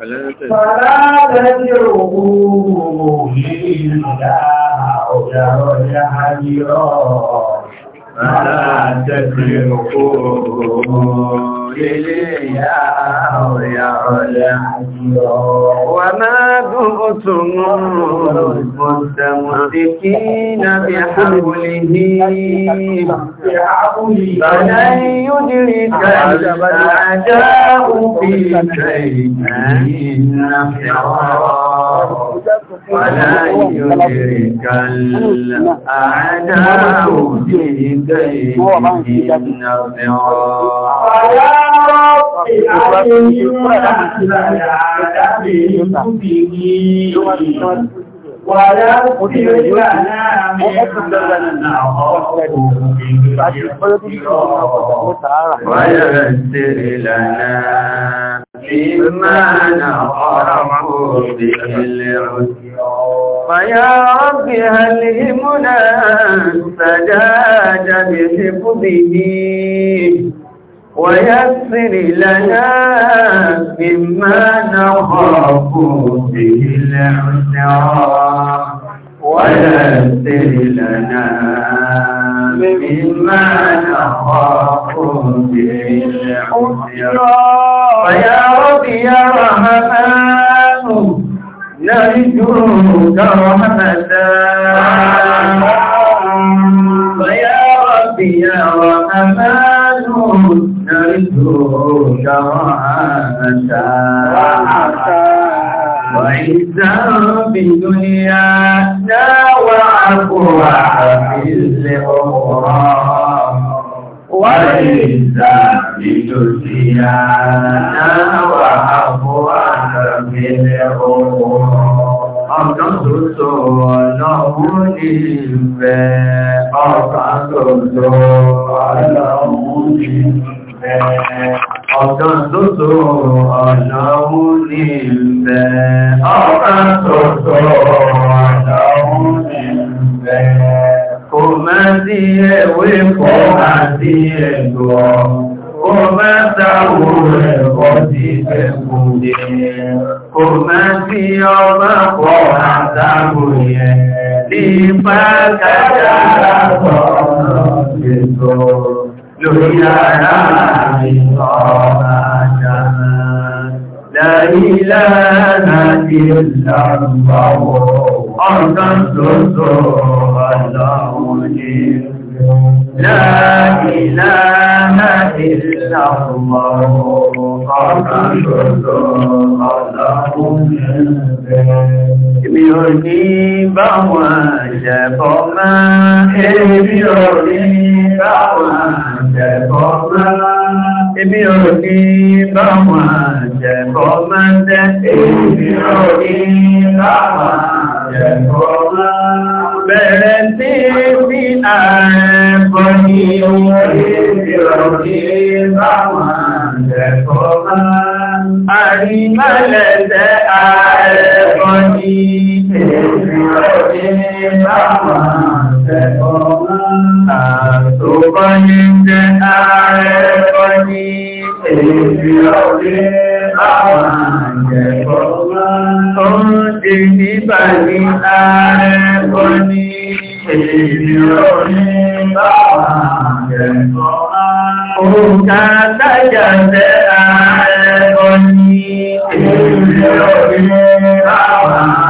فلا تدعوه إلا أجر يحجرا فلا تدعوه إليها ويعلى وما دمتم مستمسكين بحوله فلن يدرك الأعداء في شيء من ولا يدرك الأعداء بكيدهم نظرا ولا رب العالمين ولا عالمين به ويغفر لنا مما نقره بالعسر فيا رب هل همنا سجاد بحفظه ويسر لنا مما نخاف به العسرى ويسر لنا مما نخاف به العسرى ويا رب يا رحمن نرجوك رحمة ويا رب يا رحمن وجدوا شرعة وعزا بدنيانا وعفوا في الأخرى وعزا بدنيانا وعفوا في الأخرى ọ̀kan tòótọ́ ọlọ́run ní ìfẹ́ ọ̀kan tòótọ́ ọlọ́run ní ìfẹ́ ọ̀dọ́ tó tó ọ̀nà mú ní ìfẹ́ ọ̀dọ́ tó tó ọ̀nà mú ní ìfẹ́ kò má sí ẹ̀wé kò má sí ẹ̀gbọ́ kò má sáwò ẹ̀kọ́ sí ẹ̀kùnlé kò má sí ọmọ pọ̀ àtàgbò yẹn ní pàkàtà àtọ̀ ọ̀nà ìṣòro دنيانا إصابا لا إله إلا الله أرضا تسوى الله لا إله إلا الله أرضا تسوى الله Èmi ò ní bá wọn ṣẹ̀bọ̀ máa, èmi ò ní bá wọn Ibi ọ̀rọ̀ ní bá wọn jẹ̀kọ́ máa jẹ́ ibi ọ̀rọ̀ ní bá wọn jẹ̀kọ́ máa bẹ̀rẹ̀ sí sí ààrẹ bọ̀ ní ohun ibi ọ̀rọ̀ ní ààrẹ bọ̀ ní ibi ọ̀rọ̀ jẹ́ ọmọ àtòkọ́ ní jẹ́ ààrẹ kọ́ ní èdè ọ̀rẹ́ àwọn àjẹ́kọ́ ó ń di nígbà ní ààrẹ kọ́ ní èdè ọ̀rẹ́ àwọn àjẹ́kọ́ Òǹkà dájà jẹ́ ààrẹ kọ́ ní èdè ọ̀rẹ́ àwọn àjẹ́kọ́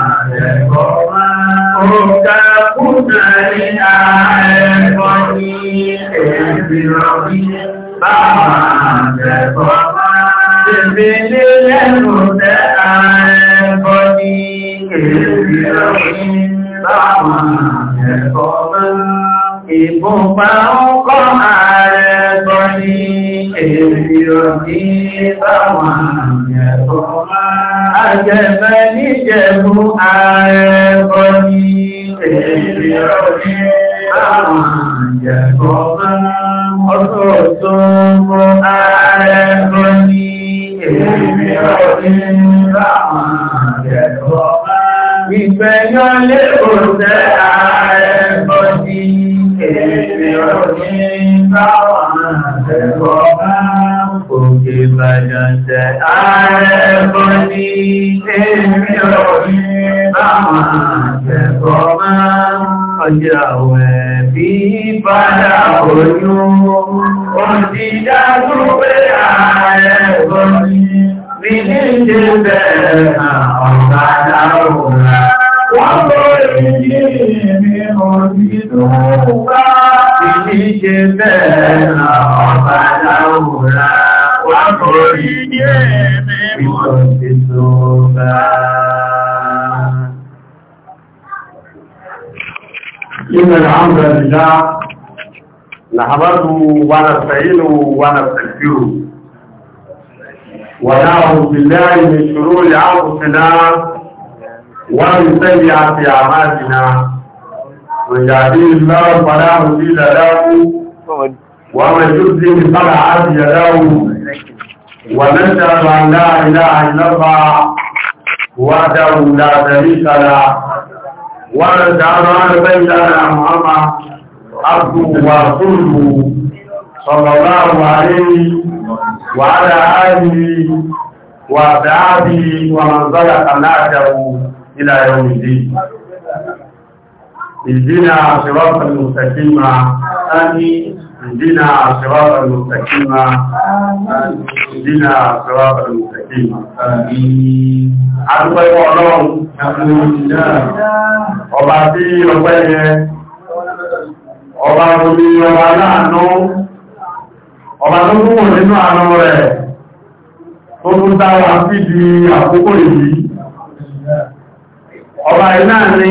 علينا على الطريق بربي بعد سبيل الهدى على الطريق بربي بعد Ìbùnpá ń kọ́ ààrẹ sọ ní èdè ọ̀dí báwọn ààrẹ sọ ní Ọjọ́ tó mọ́ ààrẹ lọ ní èdè ọdún láwọn àjẹ́kọ́. Ìgbẹ̀yàn lè òṣẹ́ ààrẹ lọ sí èdè ọdún láwọn àjẹ́kọ́. Òkè bàjọ́jẹ́ ààrẹ lọ sí èdè ọdún láwọn tẹ̀kọ́ máa ọjà wẹ̀ bí padà oyún. Ó ti dájú pé ààrẹ ẹ̀kọ́ ní bí ní ṣe bẹ̀rẹ̀ ọ̀gá Wọ́n tó èyí mi òjì tó bá ìdí ṣe bẹ́ẹ̀ ọ̀bàdà òwúrà. Wọ́n tó èyí mi òjì tó bá. إن الحمد لله نحمده ونستعينه ونستغفره ونعوذ بالله من شرور أنفسنا ومن سيئات أعمالنا من يهديه الله فلا مضل له ومن يضلل فلا هادي له ونشهد أن لا إله إلا الله وحده لا شريك له وارد عن بيننا محمد عبده ورسوله صلى الله عليه وعلى آله وأصحابه ومن سلك نهجه إلى يوم الدين اهدنا صراط المستقيم آمين اهدنا صراط المستقيم اهدنا صراط المستقيم àdúgbò ìwọ̀ ọlọ́run ọba tí ọgbẹ́ yẹ ọba omi ọba láàánú ọba tó kúrò nínú àánú rẹ̀ tó tún dáwà fìdí àkókò ọba iná ni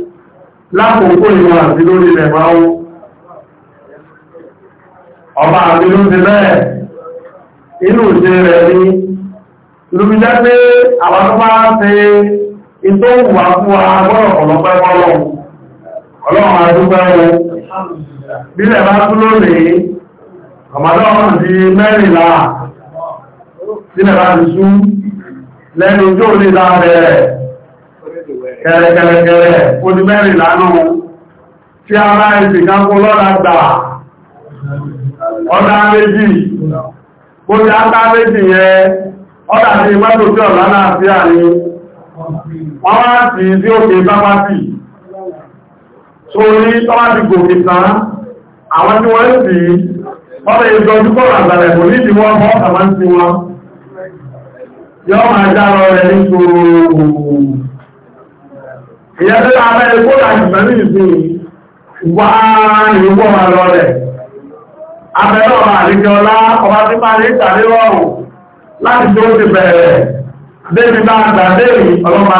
lákòókò ìwọ̀n àti lórí ilẹ̀ máwó ọba àti ló ti bẹ́ẹ̀ inú rẹ̀ ní lóbi pé àwọn tó bá wà fún agbọ́rọ̀ ọ̀lọ́pẹ́ ọlọ́run lẹ́nu ojú láàrẹ̀ rẹ̀ kẹrẹkẹrẹkẹrẹ odi mẹ́rin lánà tí a máa ń sìnká kó lọ́la gbà ọ̀dá méjì bó ti á méjì yẹn ọ̀dá sí mẹ́tò tí ọ̀lá náà sí àní wọ́n wá sí sí òkè sápátì gòkè àwọn tí wọ́n sì ìjọjú kò ní ìdíwọ́ yọ́ máa ìyẹn tó lára ẹgbó láti pẹ̀lú ìsìn wá ìwọ́ ma lọ rẹ̀ abẹ́rẹ́ ọ̀rọ̀ àríkẹ́ ọlá ọba tí máa ní ìtàdé rọrùn láti tó ti bẹ̀rẹ̀ débi bá ọlọ́pàá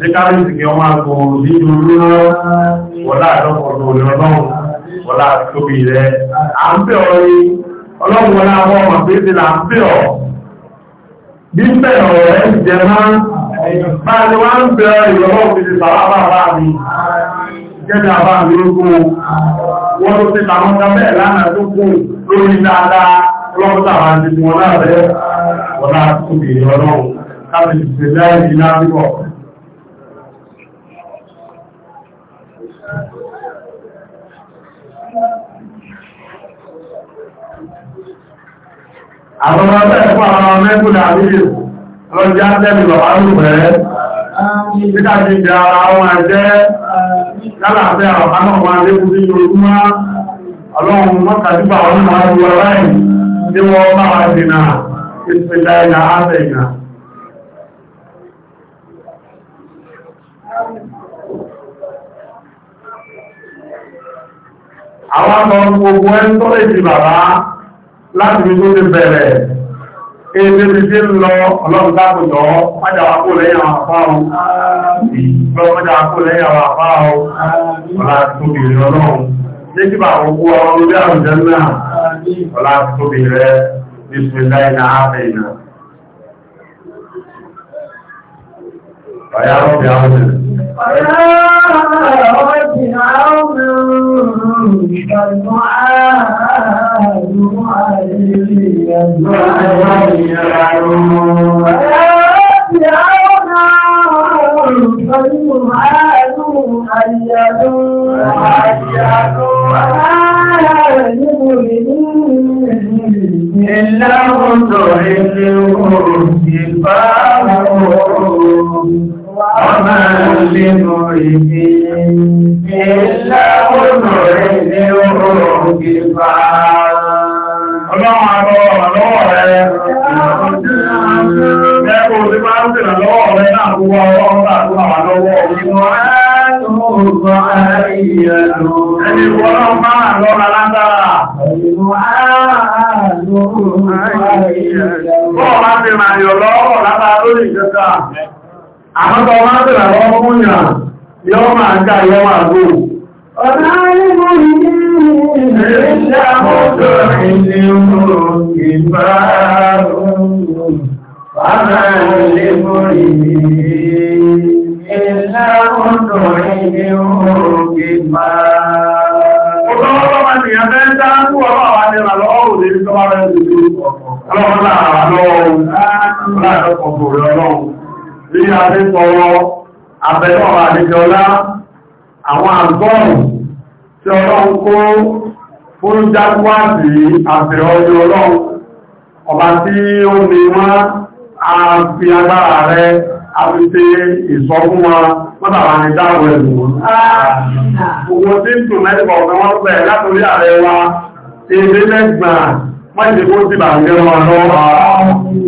ṣe káàkiri kí ọmọ àgbò nínú lọ́wọ́ wọ́lá àdọ́kọ̀ọ́dọ̀ ọlọ́run wọ́lá tóbi rẹ̀ à ń bẹ̀ ọ́ rí ọlọ́run wọ́lá àwọn ọmọ pé ti là ń bẹ̀ ọ́ bí ń bẹ̀ ọ̀ rẹ̀ jẹ máa máa ni wọ́n ń bẹ̀ ọ́ ìrọ̀lọ́ fi ti bàbá bàbá mi jẹ́bi àbá mi lógún wọ́n ló ti tàwọn ọjà bẹ́ẹ̀ láti ṣe Àwọn ọmọ ẹ̀kọ́ àwọn ọmọ ẹ̀kùn àríyè lọ́jọ́ àtẹ́lù Títà ti ara ẹ̀jẹ́ lálàáfẹ́ àwọn ọmọ ẹ̀kùn ní orúmá. Ọlọ́run mọ́kàtíbà àwọn ọmọ gbogbo ẹ́ tó lè ti bàbá láti fi tó lè bẹ̀rẹ̀ èdè ti fi ń lọ ọlọ́run dákòjọ́ mọ́jà wá kó lẹ́yìn àwọn àpá o lọ́wọ́ mọ́jà wá kó lẹ́yìn àwọn àpá o ọlá tóbi rẹ̀ ọlọ́run jẹ́ kí bàbá gbogbo ọmọ orí àrùjẹ́ náà ọlá àwọn ènìyàn Ìlàrùn tó ilé òun ìbára òun. وما لمرد إلا مرد كفار Ọlọ́run àbọ̀ ọ̀lọ́wọ̀ rẹ̀ ẹ̀kùn tí máa ń tèrè lọ́wọ́ rẹ̀ náà tó wá ọlọ́run láàrín àwọn lọ́wọ́ òmìnira ọ̀rọ̀ àìyànú. Ẹni wọ́n máa lọ́ra látara. Ọ̀rọ̀ àìyànú. Bọ́ọ̀ máa ti ràn yọ̀ lọ́rọ̀ látara lórí ìjọta àkọ́kọ́ máa tẹ̀lá lọ́wọ́ fún yàn yọ́ máa ń ká yọ́ máa gbò ọ̀nà ìgbò ìdí ìrìnlẹ̀ àmọ́tọ̀ ìlú ìbáàrùn bàbá ìlú ìdí ìrìnlẹ̀ àmọ́tọ̀ ìlú ìbáàrùn Ọlọ́run láàárọ̀ ọ̀rọ̀ ọlọ́run. bí a ti sọ̀rọ̀ abẹ́lọ́wà àdíjọlá àwọn àgọ́rùn tí ọlọ́run kó fún jágbáàdì àfẹ́ọ́jọ́ ọlọ́run ọba tí ó ní a fi agbára rẹ a fi ṣe ìsọkún ní dáàbò ẹ̀dùn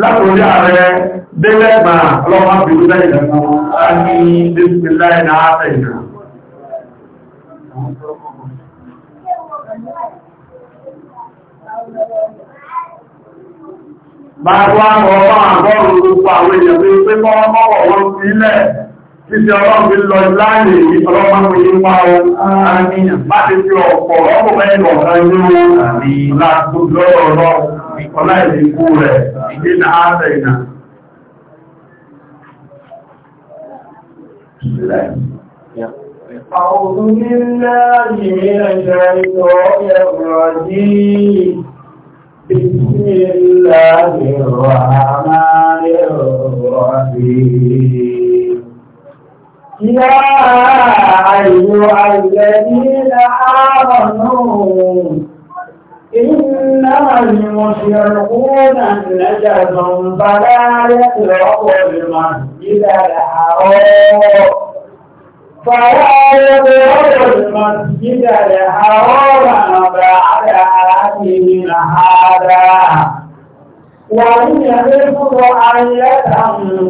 látòrí ààrẹ délẹ́gbà ọlọ́pàá bìí lẹ́yìn lẹ́gbà a ní bíbí láì náà tẹ̀yà Bàbá ọ̀rọ̀ àgọ́rùn gbogbo àwọn èèyàn pé pé mọ́ mọ́wọ̀ wọn sí ilẹ̀ títí ọlọ́run fi lọ láàrin èyí ọlọ́pàá fi ń pa ọ àmì àti ti ọ̀pọ̀ ọ̀pọ̀ mẹ́rin ọ̀rọ̀ yóò láàrín lọ́rọ̀ ọlọ́run ọlá ìrìnkú rẹ̀ ìdínà ààrẹ ìnà أعوذ بالله من الشيطان الرجيم بسم الله الرحمن الرحيم يا أيها الذين آمنوا إنما المشركون نجس فلا يقربوا المسجد الحرام فلا يقربوا المسجد الحرام بعد عامهم هذا وإن يرفض آية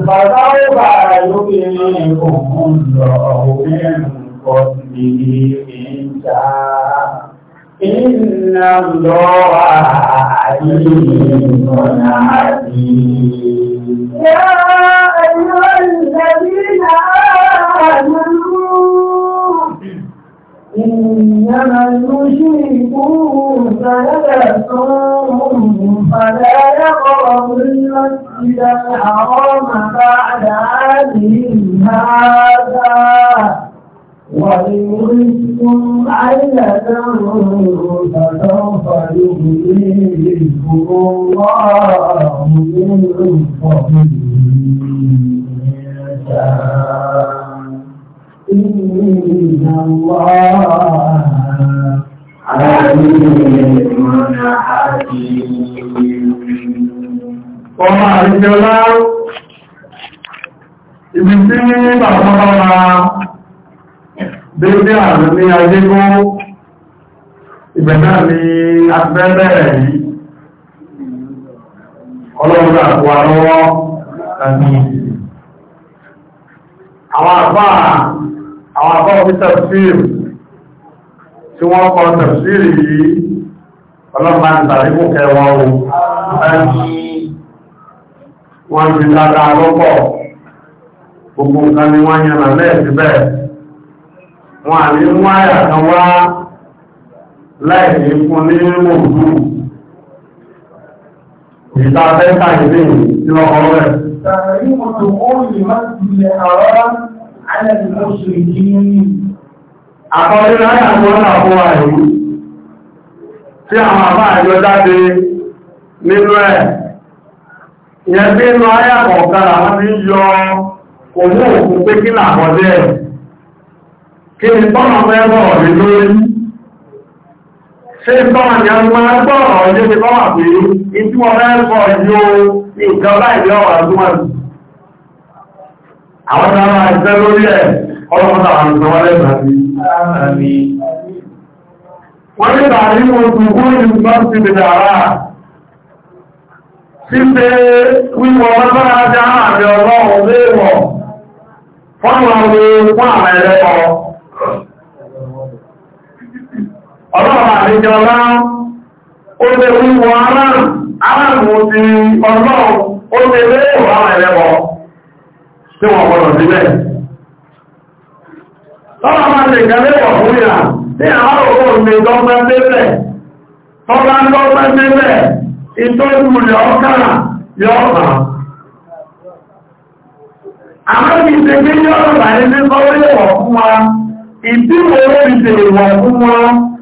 فسوف يبينكم الله من فضله إن شاء Inna lọ́wọ́ àdínà àti. Yá ẹ̀yọ́ ìjẹ̀bí náà lúrú. Ìyàmà ló ṣe ìkú ìfẹ́lẹ̀ tó ń àwọn àdáàdì ìhádá. وإنكم عيلة فسوف يغنيكم الله من فضله إن الله عليم حكيم Ọmọ àríjọlá, ibi tí bàbá bá dédé àrùn ní ajé kó ìbẹ̀dá ní agbẹ́bẹ̀rẹ̀ yìí ọlọ́run àpò àrọwọ́ àti àwọn àpá àwọn àpá òfíta fíìl tí wọ́n kọ́ tẹ̀síìrì yìí ọlọ́pàá ń tàrí kò kẹwọ́ wọ́n ti wọn àní wáyà kan wá láìní fún ní mòdú ìta fẹ́ta ìdí tí wọ́n kọ́ rẹ̀. tó láyà tó ń àìrí tí àwọn àbá àjọ jáde nínú ẹ̀. bí inú ayà kí ni bọ́nà mẹ́bọ̀ rẹ̀ lórí ṣe bọ́nà ni a máa gbọ́nà ọjọ́ ti bọ́nà pé ìtí wọ́n mẹ́bọ̀ yóò ní ìjọba ìlú ọ̀rọ̀ àdúgbọ́n àwọn ará ìṣẹ́ lórí ẹ̀ ọlọ́pàá àwọn ìṣọ́wọ́lẹ́ ìbàdí wọ́n ní bàárí wọn gbogbo ìgbà ti bèèrè àrá ṣíṣe wíwọ̀ mẹ́bọ̀n ajá àmì ọlọ́run léèwọ̀ fọ́nà ọmọ fún àmì ẹ̀rẹ́ ọlọ́run àríjọlá ó lè wíwọ aráàrùn aráàrùn ti ọlọ́run ó lè lé ìwọ̀ àwọn ẹlẹ́bọ̀ tí wọ́n sílẹ̀ tọ́lá máa lè gẹ́lẹ́wọ̀ fún ní dọ́gbẹ́ tọ́lá dọ́gbẹ́ ìtọ́jú rẹ̀ ọkàrà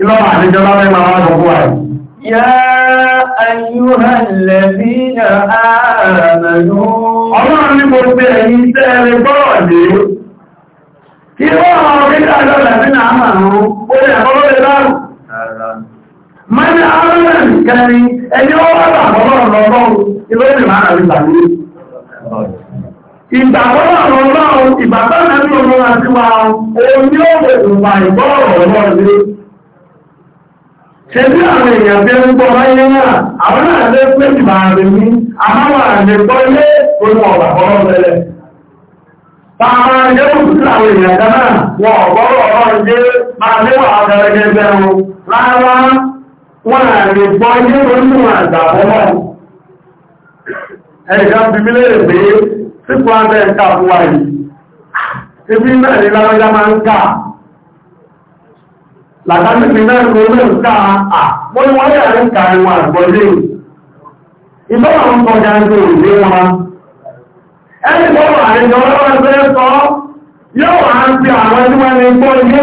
ìlọ́pàá àdíjọba mẹ́ma wá gbogbo àì. Yá ayúhà lẹ́bí na àmàlú. Ọlọ́run ní gbogbo ẹ̀yìn tẹ́ẹ̀rẹ̀ gbọ́rọ̀ dé. Kí wọ́n àwọn orílẹ̀ àjọ lẹ́bí na àmàlú, ó lè àkọ́lọ́ lè láàrù. Mọ́ni àárẹ̀ nìkẹni, ẹni ọlọ́run, ìgbàgbọ́nà ní olóra sí wa, òun ni ó wèèrè ọlọ́run ṣebí àwọn èèyàn bí ń gbọ́ a náà àwọn náà lé pé ìbàrí ní àmáwà lè gbọ́ ilé àwọn èèyàn dáná náà làtàbí fi mẹ́rin lórí ǹká à mọ́ ní wọ́n yàrí ń kàrí wọn àgbọ́lé ìbọ́nà ń kọ jáńtò ìdí wọn ẹni bọ́nà àìjọ lọ́wọ́ fẹ́ sọ yóò wà ń fi àwọn ẹni wọn ní gbọ́ ilé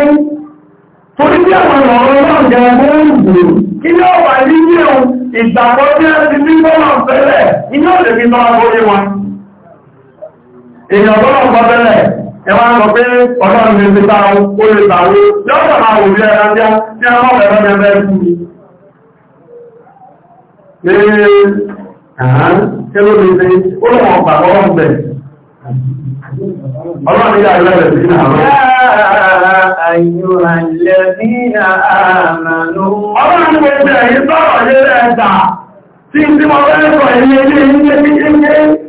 torí bí àwọn ọ̀rọ̀ náà jẹ gbóògbò kí ni ó wà ní ní ohun ìgbàgbọ́ tí a ti ní bọ́nà fẹ́lẹ̀ inú òdèbí náà gbóyé wọn èèyàn bọ́nà gbọ́ fẹ́lẹ̀ ẹwà ń lọ pé ọlọ́run lè ta ó lè tàwó yọ́pọ̀ máa wò bí ẹran jẹ́ ẹ̀rọ ẹgbẹ́ fún mi ní àán kéró lè ṣe ó lè wọ̀n pàtó wọ́n ọlọ́run yà lẹ́rẹ̀ sí àwọn Àyùhàn Ọlọ́run gbogbo ẹ̀yìn sọ́rọ̀ lé ẹ̀dà tí ń tí mo fẹ́ sọ ilé ilé ilé ilé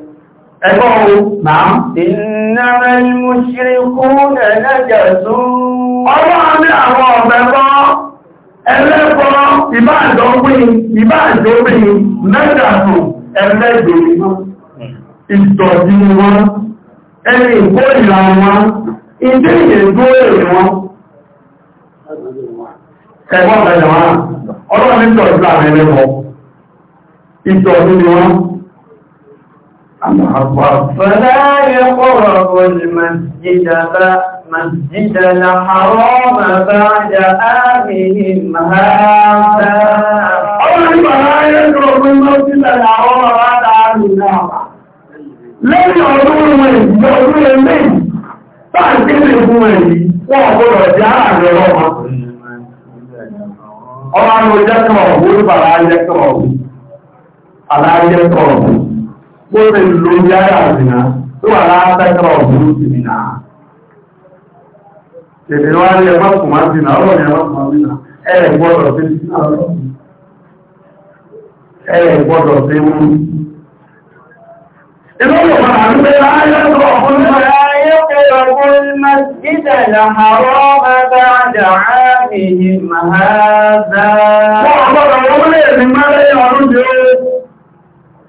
Ẹgbọ́n Nàám. Ìnáwó ìmúṣirikú ẹ̀lẹ́jẹ̀ sún. Ọlọ́run ní àwọn ọ̀bẹ̀ bọ́, ẹlẹ́bọ́, ìbáàdọ́gbìn, ìbáàdọ́gbìn, mẹ́gàtù, ẹlẹ́gbẹ̀ ìdọ̀dí wọn, ẹni ìkórìlà wọn, ìdí ìyẹ̀dó èrè wọn. Ẹgbọ́n Nàám. Ọlọ́run ní ìdọ̀dí فلا يقرب المسجد مسجد الحرام بعد آمهم هذا أولم لا يقرب المسجد الحرام بعد آمهم هذا لن يعلمون من يعلمون من بعد كل من وقل جاء لهم أولم يجكره بعد يجكره على يجكره kóre lórí ara àdìnà tó wà látàkà ọ̀dún ìdìnà èdè wá ní ẹgbẹ́ kùnmá dìnà ọ̀rọ̀ ní ẹgbẹ́ kùnmá dìnà ẹ̀rẹ̀ gbọ́dọ̀ sí ẹ̀rẹ̀ gbọ́dọ̀ sí mú inú yóò máa ń gbé ayé ọ̀rọ̀ ọ̀gbọ́n ní المسجد الحرام بعد عامهم هذا.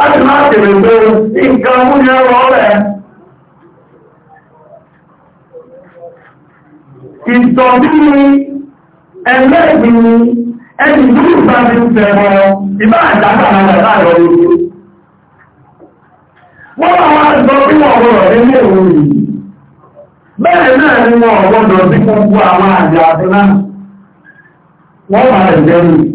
láti máa tèrè pé nǹkan múlẹ̀ ọ̀rọ̀ rẹ̀ ìtọ̀bí ẹlẹ́gbìn ẹni tó ìgbà ti ń tẹ̀wọ̀ ìbá àjágbà rẹ̀ láàrọ̀ ojú wọ́n wá wá sọ bí wọ́n rọ̀ nínú òun yìí bẹ́ẹ̀ náà ni wọ́n gbogbo àwọn àjà àti náà wọ́n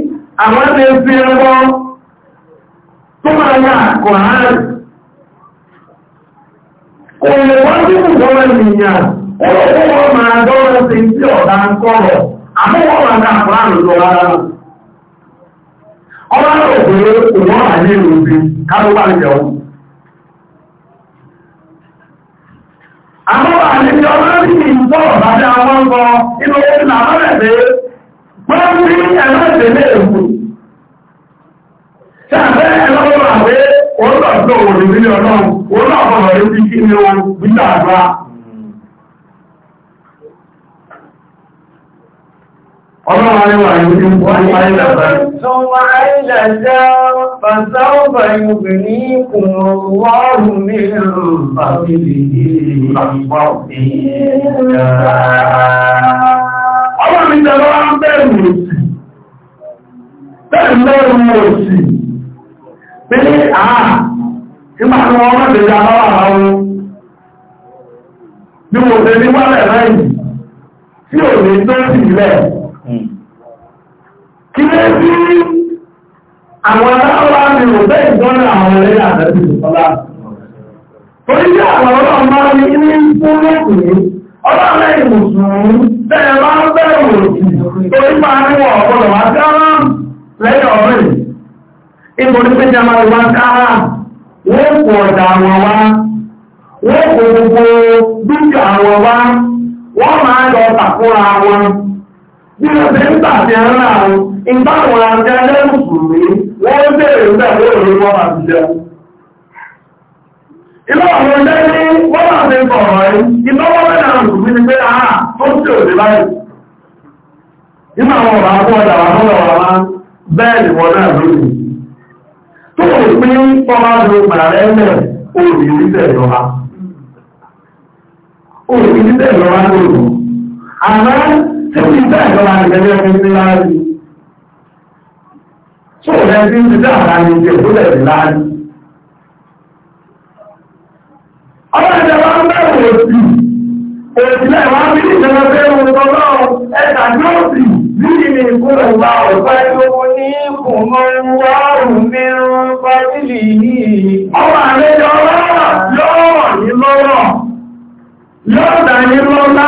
àwọn ẹgbẹ́ fi ẹgbọ́ tó máa yà kọ̀ kò lè wọ́n tí kò gbọ́rọ̀ ènìyàn olóòwò wọn máa gbọ́rọ̀ sí tí ọ̀dá ń kọ̀rọ̀ ahụ lọ rárá ọwọ́ rẹ̀ àyè wọ́n ní ẹlẹ́sẹ̀lẹ̀ èkú ṣàfẹ́ ẹlọ́rọ̀ àwẹ́ olóòtú òwòrò nílé ọlọ́run olóòtọ̀rọ̀ ẹbí kí ni ó gbígbà àgbà ọlọ́run àríwá ìlú wọ́n ní ayélujára Ọlọ́run ìjọba lẹ́rù òsì bẹ́ẹ̀ òsì pé àà ìgbà tí wọ́n wọ́n lè àwọn bí mo lè ní wálẹ̀ tí ò lè tó sì lẹ̀ kí lé sí àwọn aláwọ̀ àmì ọlọ́run ẹ̀yìn mùsùlùmí bẹ́ẹ̀ máa ń bẹ̀rù òsì torí máa ń wọ ọ̀pọ̀lọ̀ wá kára lẹ́yìn ọ̀rẹ́ ipò ní pé jama ìwá kára wọ́n kò ọ̀dà àwọn wá wọ́n kò gbogbo dúkìá àwọn wá wọ́n máa lọ tàkúra wọn bí wọ́n ti ń tàbí ẹ̀rọ Ilé àwọn ọdẹ́ ní wọ́n máa fi bọ̀rọ̀ rí, iná mẹ́rin àwọn òkú ní pé àà ah, tó ń tí àwọn ọ̀rọ̀ àwọn ọ̀dà bẹ́ẹ̀ ni wọ́n náà Tó pín Àwọn ìjọba ń bẹ̀rù òsì, òsìlẹ̀ wá bí ìjọba bẹ̀rù ọlọ́run ẹ̀ta ní òsì bí ìmì ìkúrò wá ọ̀pẹ́ gbogbo ní kùnmọ́ wá òun bí rún pàtílì yìí. Ọwọ́ àlejò ọlọ́rọ̀ yóò ní lọ́rọ̀, yóò dà ní lọ́lá,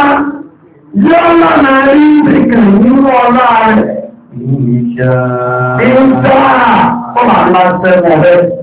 yóò lọ́nà rí ìbìkàn nínú ọlá rẹ̀. Ìjà. Ìjà. Ọmọ àlọ́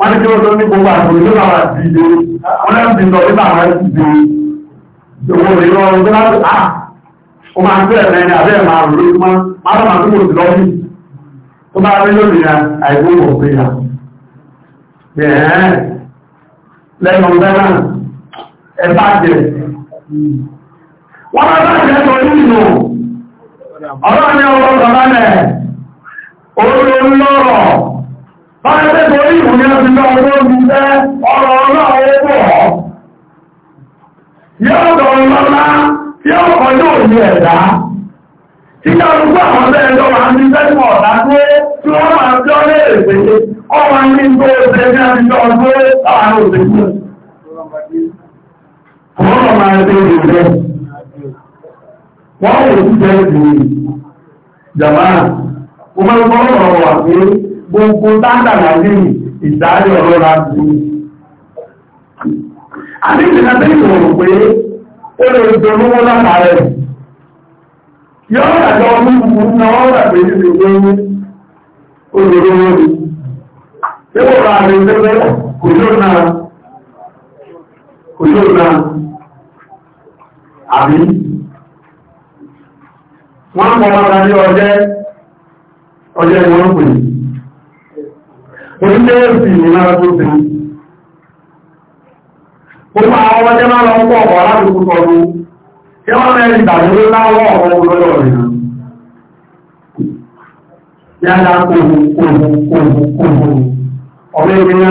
wọ́n ní kí wọ́n tó ní gbogbo àgbò tó náà dìde wọ́n náà ti rẹ̀ ah, ó máa ń abẹ́ máa rò máa máa tó tó bá rí ya wọ̀ pé ya ah, lẹ́nu ẹ bá jẹ wọ́n bá bá jẹ́ ni lọ́rọ̀ ìwò ní ọdún náà ló ń jẹ́ ọ̀rọ̀ ọlọ́run pọ̀ yóò dọ̀rọ̀ lọ́lá tí ó kọ́ yóò ní ẹ̀dá tí kálukú àwọn bẹ́ẹ̀ lọ máa ń ní sẹ́kọ̀ ọ̀dá pé tí wọ́n máa jọ lé èpè ọmọ ní tó ṣe ní àtijọ́ pé àwọn òṣèlú àwọn ọmọ ẹgbẹ́ ìrìnlẹ̀ wọ́n wò sí jẹ́ ìrìn jàmáà mo máa ń gbọ́ ọ̀rọ̀ wà pé gbogbo dáadáa nàìjíríà ìdárí ọlọ́ra bú. Àbí ìdíkàtẹ́ ìrò pé ó lè dolówó látàrẹ. Yọ́n àjọ ọdún kúkúrú náà wọ́n rà pé nílé gbóyún olórówó rí. Ṣé wọ́n rẹ̀ kò yóò náà? Kò yóò náà? Àbí? Wọ́n mọ́ wọn ra onílé-èsì ìlera tó na gbogbo àwọn ọmọdé máa lọ pọ̀ ọ̀pọ̀ aládùkú tọrọ tí wọ́n mẹ́rin ìdàdúró láwọ́ ọ̀pọ̀ olóyọ̀ rẹ̀ yára kòrò kòrò kòrò kòrò ọ̀rẹ́ ìrìnà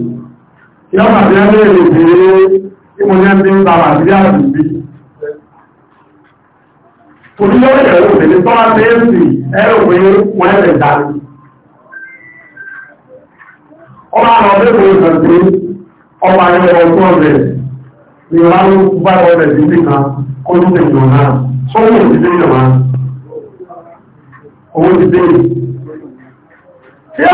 Yọ́n àti ẹgbẹ́ èrò bèèrè tí mo jẹ́ ti ń ta àti àdùbí. Orílẹ̀ ẹ̀rọ òbèrè tọ́lá tí ẹ̀rọ pé wọ́n ẹ̀rẹ̀ dáre. Ọba àwọn ọdẹ́gbò ìgbà tí ọba ẹ̀rọ ọdún ni wọ́n sí ní kan kó ní náà. Sọ́wọ́n ìjọba. Owó ti dé. Tí ó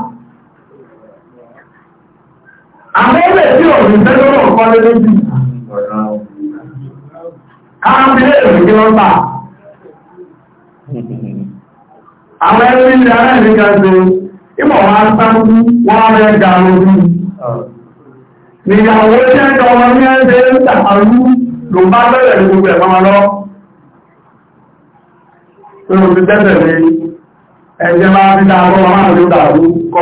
Àmọ́lẹ̀ tí ọ̀rùn tẹ́lọ́rọ̀ kan lé lójú. Káàkiri èrò kí wọ́n tà. Àwọn ẹgbẹ́ ilẹ̀ ará ìlú kan ṣe, ìmọ̀ wá sáńkú wọ́n rẹ̀ ga lójú. Nìyàwó jẹ́ ọmọ ní ẹgbẹ́ ìtàkàrú ló bá bẹ̀rẹ̀ ní gbogbo ẹ̀mọ́ lọ. ẹjẹ́ máa ń dá ọmọ máa ń lò dàrú kọ́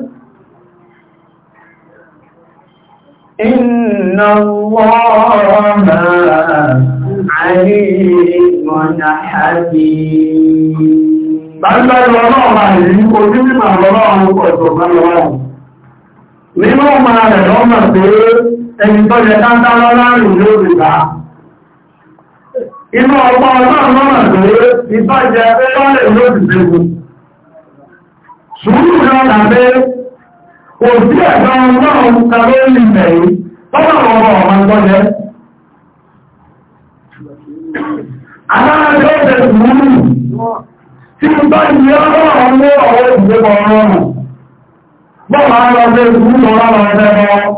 Inna Allah alimun hakim. Bàbá ọlọ́run rẹ̀ lọ́mà pé ẹni tó jẹ dáńdá lọ́láàrin ló rí bá. Inú ọgbọ́ ọlọ́run lọ́mà pé ìbájẹ pé lọ́rẹ̀ ló rí kò sí ẹ̀dá ọlọ́run kàró lè mẹ̀rí lọ́nà ọ̀rọ̀ ọ̀mà gbọ́jẹ́ aláàrẹ̀ ọ̀rẹ́ ìwúrù tí ń bá ní ọlọ́run ní ọ̀rọ̀ ìgbẹ́gbọ̀ ọlọ́run bọ́ọ̀lá ọ̀rẹ́ ìwúrù ọlọ́run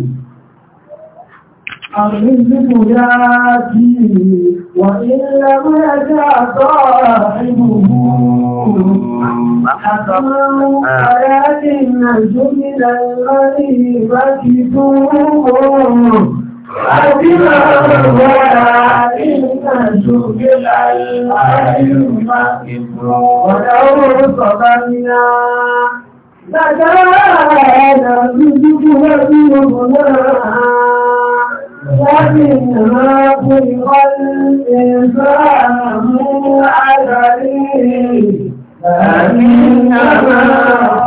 الرزق ياتي وإن لم يجع صاحبه حسبه ولكن جبل المريض كتوبه حسبه ولكن جبل المريض كتوبه ولو صبرنا لكان الرزق يبنى ومنها خلق الإنسان من عجله فإنما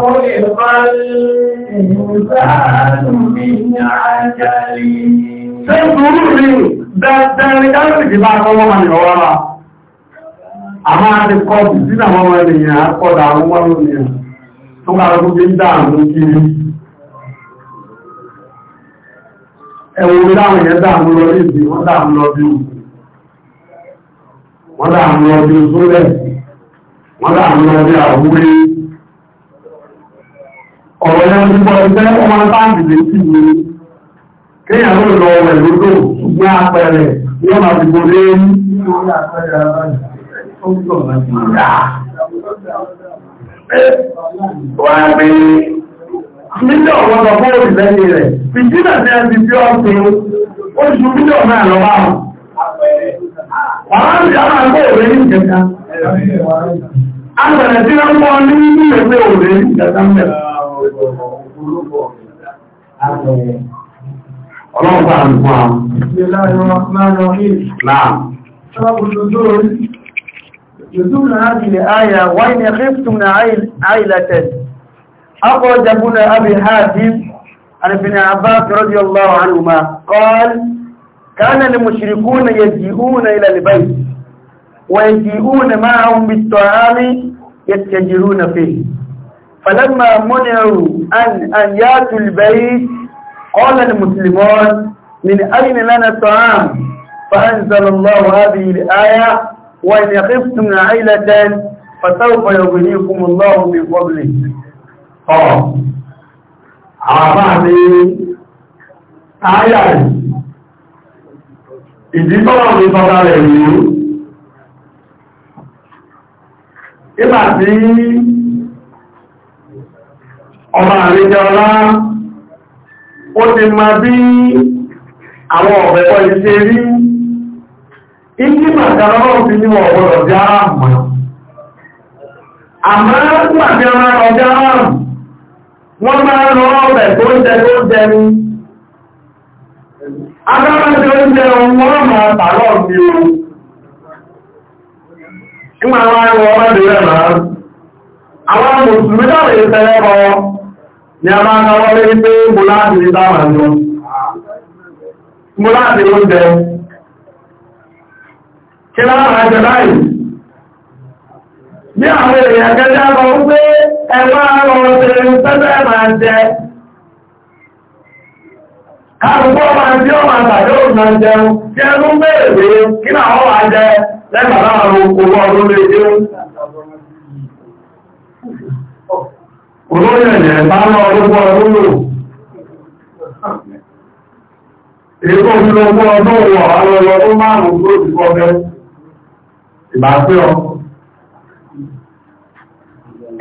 خلق الإنسان من عجله dáadáa ni A máa ti kọ́ sí sínú àwọn ọmọ ènìyàn àkọ́dà àwọn ọmọ ènìyàn tó bá rọ́gbé dáàmú ẹwọ láwọn èèyàn dáàmú lọ ní ìdí ọ̀rọ̀ ti gbọ́ ọmọ lè kéèyàn ló lọ ṣùgbọ́n ní ọmọ àdìgbò lé ní mílíọ̀ ọ̀gbọ̀dọ̀ fóòrì lẹ́yìn rẹ̀ fìdínà ní ẹni tí ó ṣe oṣù mílíọ̀ náà lọ bá wọn àwọn àwọn àgbò òwe ní ìjẹta agbẹ̀rẹ̀ tí wọ́n mọ́ ní ilé ẹgbẹ́ òwe ní ìjẹta mẹ́rẹ̀ ọlọ́pàá àrùkú àwọn Yòzúrù náà ti lè áyà wáyé ní ẹgbẹ́ ìfún àìlẹ́tẹ̀ẹ́ أخرج ابن أبي حاتم عن ابن عباس رضي الله عنهما قال كان المشركون يجيئون إلى البيت ويجيئون معهم بالطعام يتجرون فيه فلما منعوا أن, أن ياتوا البيت قال المسلمون من أين لنا الطعام فأنزل الله هذه الآية وإن يخفتم عيلة فسوف يغنيكم الله من فضله ọ̀ àbá ní ayà ìdíkọ́lọ̀ ìgbà tí ọmọ àríjẹ ọlá ó ti ma bí àwọn ọ̀pẹ̀pọ̀ ìṣẹ́ rí ìdí màtàlọ́wọ́ fi ní ọ̀pọ̀lọ̀ jáàmù àmọ́ nígbàtí ọjọ́ wọ́n máa lọ ọ̀bẹ̀ tó ń jẹ tó ń jẹ ní agbábájẹ́ oúnjẹ wọ́n máa tààlọ́ bí o ìgbà àwọn àwọn ọmọdé rẹ̀ máa àwọn mùsùlùmí dáwọn ìfẹ́ ẹ̀kọ́ ni a máa náwọ́ lé wípé mo láti rí dáwọn àjọ mo láti oúnjẹ kí láwọn àjọ láì ní àwọn èèyàn kẹjá lọ wípé ẹwà àwọn ọ̀sẹ̀rẹ̀ ìfẹ́fẹ́ máa jẹ káàkùkọ́ máa tí ó máa tàbí òun náà jẹun tí ẹnu mẹ́rẹ̀ kí náà wọ́n jẹ ọdún lè jẹun ẹ̀yẹ̀ bá ń lọ ọdún lò èkó ìlú ọdún àwọn ọdún márùn-ún tó ti kọ́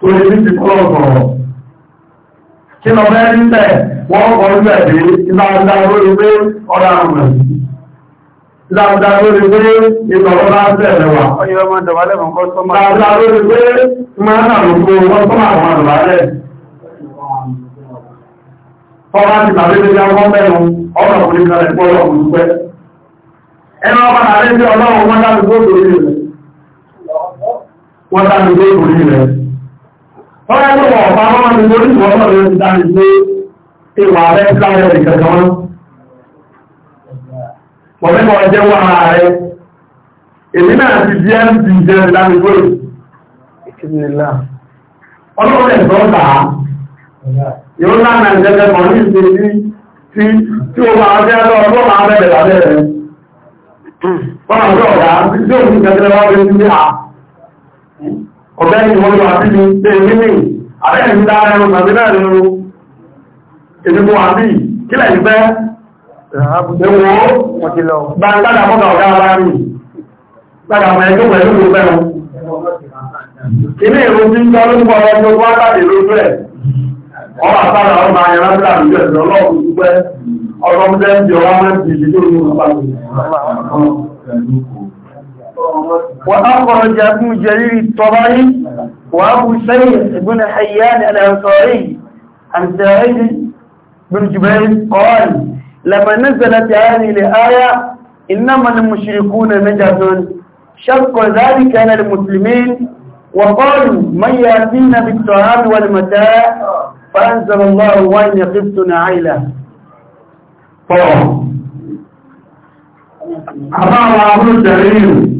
tó lè ní ti kọ́ ọ̀sọ̀rọ̀ kí lọ bẹ́ẹ̀ nílẹ̀ wọ́n kọ́ ilẹ̀ dé ìlànà lórí pé ọ̀rọ̀ àmọ̀ ìlànà lórí pé ìlọ̀rọ̀ bá ń bẹ̀rẹ̀ wà ìlànà lórí ti tàbí lórí àwọn mẹ́rin ọ̀rọ̀ òní kan ẹ̀kọ́ ọ̀rọ̀ òní pẹ́. ọba tàbí sí ọlọ́run wọ́n dá mi gbóòdò orí Ọ̀rẹ́ ọ̀pá máa ní lórí ìwọ̀n náà lórí ìdáni pé rẹ̀ ti láyé rẹ̀ kankan mọ́. Pọ̀lẹ́ jẹ́ wọ́n ara rẹ̀. Èmi náà ti jẹ́ ìdáni pé ọlọ́run ẹ̀sọ́ tà ọlọ́run máa ọ̀bẹ́ ni wọ́n yọ àti ní pé mímí àbẹ́yẹ̀ ń dára ẹnu tàbí náà nínú ìdíbò àbí kílẹ̀ ìfẹ́ ìwò bá ń tàdà mọ́ta ọ̀gá wa rí tàdà mọ́ ẹgbẹ́ pẹ̀lú ìlú bẹ́ẹ̀ ilé ìrò tí ń tọ́ ló ń bọ̀ ọ̀rọ̀ tó wá tàbí lójú ẹ̀ ọ̀rọ̀ àtàrà ọmọ ayẹ̀rọ tí a lùjọ ìlú ọlọ́run dúpẹ́ ọ̀rọ̀ mẹ́jẹ̀ ọ̀rọ̀ mẹ́jẹ̀ ìdílé ìlú ọ̀pá وأخرج ابن جرير الطبري وأبو سيد بن حيان الأنصاري عن سعيد بن جبير قال لما نزلت هذه الآية إنما المشركون نجس شق ذلك على المسلمين وقالوا من يأتينا بالطعام والمتاع فأنزل الله وإن يقفتنا عيلة طبعا أمام أبو الجليل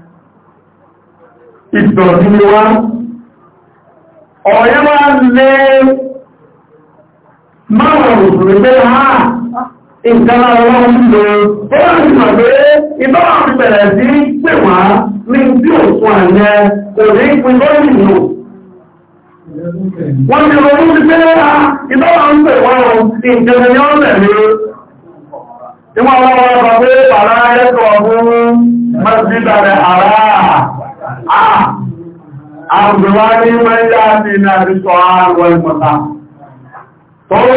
ìdọ̀dí ni wá ọ̀yẹ́ máa lè máa rùsùn pé ha ìkàlá ọlọ́run lè ó láti mọ̀ pé ìbára ti bẹ̀rẹ̀ sí pè wá ní tí ò fún àyẹ kò ní pín gómìnà wọ́n ti rọ̀ fún pé ha ìbára ń pè wá ìjẹ̀lẹ̀ ni ó wọ́n rọ̀ pé bàrá ẹ́kọ̀ọ́ àgbẹ̀wárí mẹ́ta ní ìrìnàrí sọ ààrùn ẹ̀mọ̀ta tọ́rọ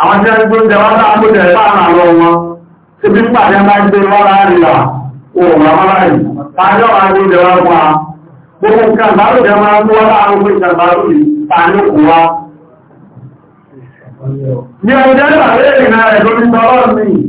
àwọn a gbé oúnjẹ wá náà gbé jẹ́ láàrín àwọn ọmọ tí bí na bá gbé lọ́rá rìlà òòrùn gbogbo nǹkan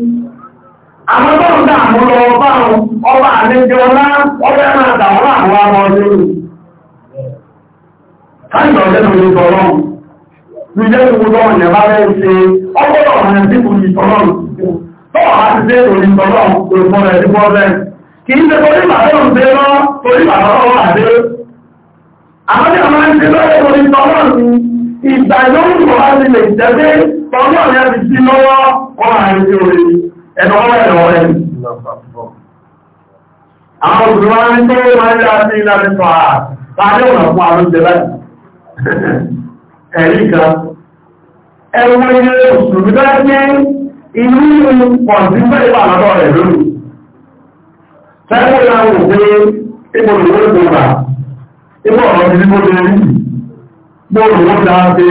àwọn tó ń dà mọ́ lọ ọba àwọn ọba àlejò ọlá ọbẹ̀ máa dà wọ́n àwọn ọmọ ọdún rẹ̀. káyọ̀ ọ̀dẹ́ tó ń sọ ọlọ́run ní ilé ìwò lọ́wọ́ yẹn bá rẹ̀ ṣe ọgbọ́dọ̀ ọ̀rẹ́ tí kò ní sọlọ́run tọ́wọ́ á ti dé òní sọlọ́run kò sọ rẹ̀ ní bọ́ọ̀lẹ́ kì í ṣe torí bàtọ́rùn ṣe lọ torí bàtọ́rùn àdé àwọn tí a máa ń ẹ̀dọ̀wọ́ ẹ̀dọ̀wọ́ ẹ̀ àwọn òṣèrè wọn ń tẹ́lẹ̀ wọn ń dá sí ìlànà sọ àà tàbí ọ̀nà fún àrùn jẹ́lá ẹ̀rí kan ẹ̀wọ̀n ilé òṣèrè tó jẹ́ inú pọ̀sí pẹ̀lú àlọ́dọ̀ rẹ̀ lónìí tẹ́lẹ̀ náà wò pé ipò lòwó ìgbòmà ipò ọ̀rọ̀ ti dípò lè rí gbòòrò ó dáa pé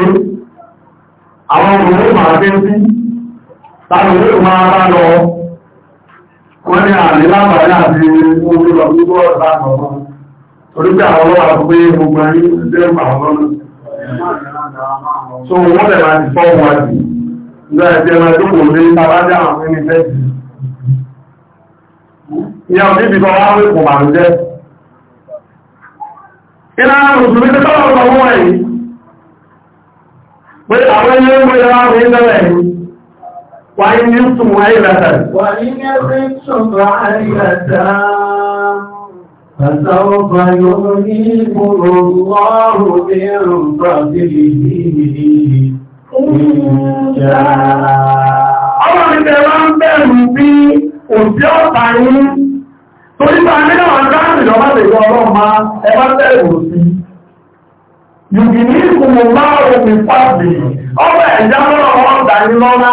àwọn òṣèrè máa dé sí Táwọn ìwé máa orí pé àwọn ọlọ́wà pé gbogbo ẹni jẹ́ pàwọn So wọ́n lè máa وإن يكتم عيلة وإن يكتم عيلة فسوف يغنيكم الله من فضله Ọlọ́run ìbẹ̀ wá ń bẹ̀rù bí òbí ọ̀pá yìí, torí bá nínú ọjọ́ ìjọba lè yọ ọlọ́run máa ẹbá bẹ̀rù sí. Yùgbì ní ìkùnmọ̀ máa òmìnpá bì, ọgbẹ̀ ẹ̀já lọ́rọ̀ ọ̀dà ní lọ́lá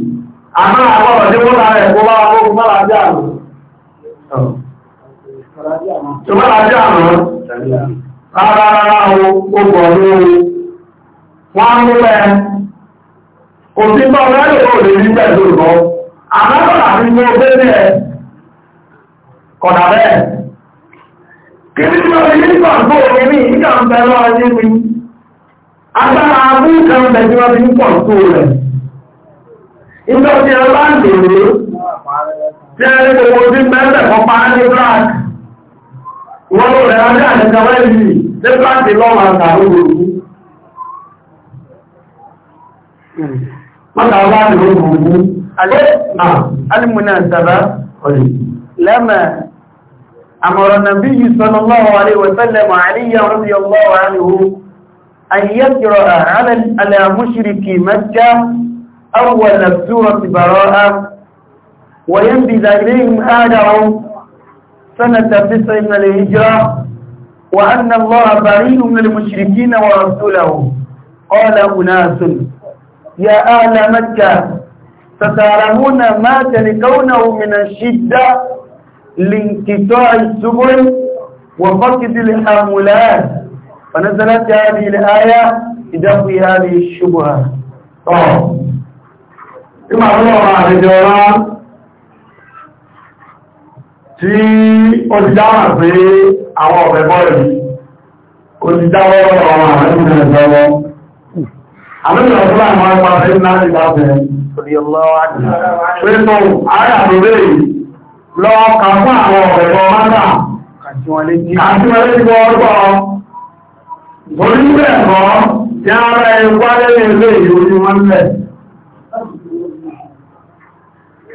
àmọ́ àwọn ọ̀dẹ́ mọ́ta rẹ̀ kó bá wọ́n kó bára jẹ́ àrùn tó bára jẹ́ àrùn rárá rárá ogbò lórí wọ́n mú pẹ́ òfin mú ọgbẹ́ ní sí agbára abúkan pọ̀ tó rẹ̀ Ìjọ ti ọlá ń bèèrè tí a rí gbogbo tí mẹ́rẹ̀ kan pa á ní Black. Wọ́n ló rẹ̀ ọjọ́ àdẹ́kọ̀wẹ́ yìí tí Black lọ́wọ́ àtàrí gbogbo. Mọ́ta ọlá ń bèèrè gbogbo. Alìmúnà sábà lẹ́mà àmọ̀rọ̀ nàbí yìí sallallahu alaihi wa sallam àríyàn radiyallahu anhu an yaqra ala al أول سورة براءة وينبذ إليهم آدرهم سنة تسع من الهجرة وأن الله بريء من المشركين ورسوله قال أناس يا أهل مكة ستعلمون ما تلقونه من الشدة لانقطاع السبل وفقد الحاملات فنزلت هذه الآية إذا في هذه الشبهة طبعا nígbà tó lọ́wọ́ àrẹjọ ọlá tí ó ti dáwà pé àwọn ọ̀bẹ̀ bọ́ọ̀lù ó ti dáwọ́ ọ̀rọ̀ àrẹ́jọ ìjọwọ́ àmìnà ọ̀sọ́lá àwọn apàṣẹ ńlá ti bá fẹ́ pẹ́tọ̀ ààrẹ àtòlé lọ kàfún àwọn ọ̀bẹ̀ bọ́ mátà àti wọ́n lé ti bọ́ ọgbọ́ orí bẹ́ẹ̀ kọ́ tí a rẹ̀ wálé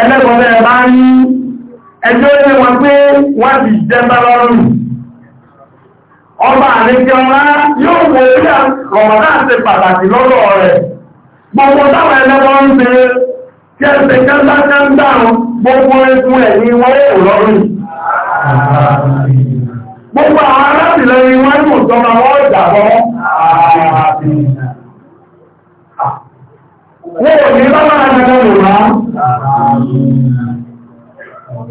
ẹlẹ́gbọ̀nlẹ̀ bá ní ẹjọ́ ilé wọn pé wọ́n ti jẹba lọ́rùn ọba àrẹ́kẹ́ ọlá yóò wọ orí rọ̀mọ̀dá àti pàtàkì lọ́rọ̀ rẹ̀ gbogbo táwọn ẹlẹ́gbọ́n ń ṣe kẹ́ẹ̀sẹ̀ kẹ́ńdákẹ́ńdá gbogbo egun ẹ̀ ní wọ́n ò lọ́rùn gbogbo àwọn alátìlẹyìn wọn yóò jọba wọn ìjàbọ̀ wọn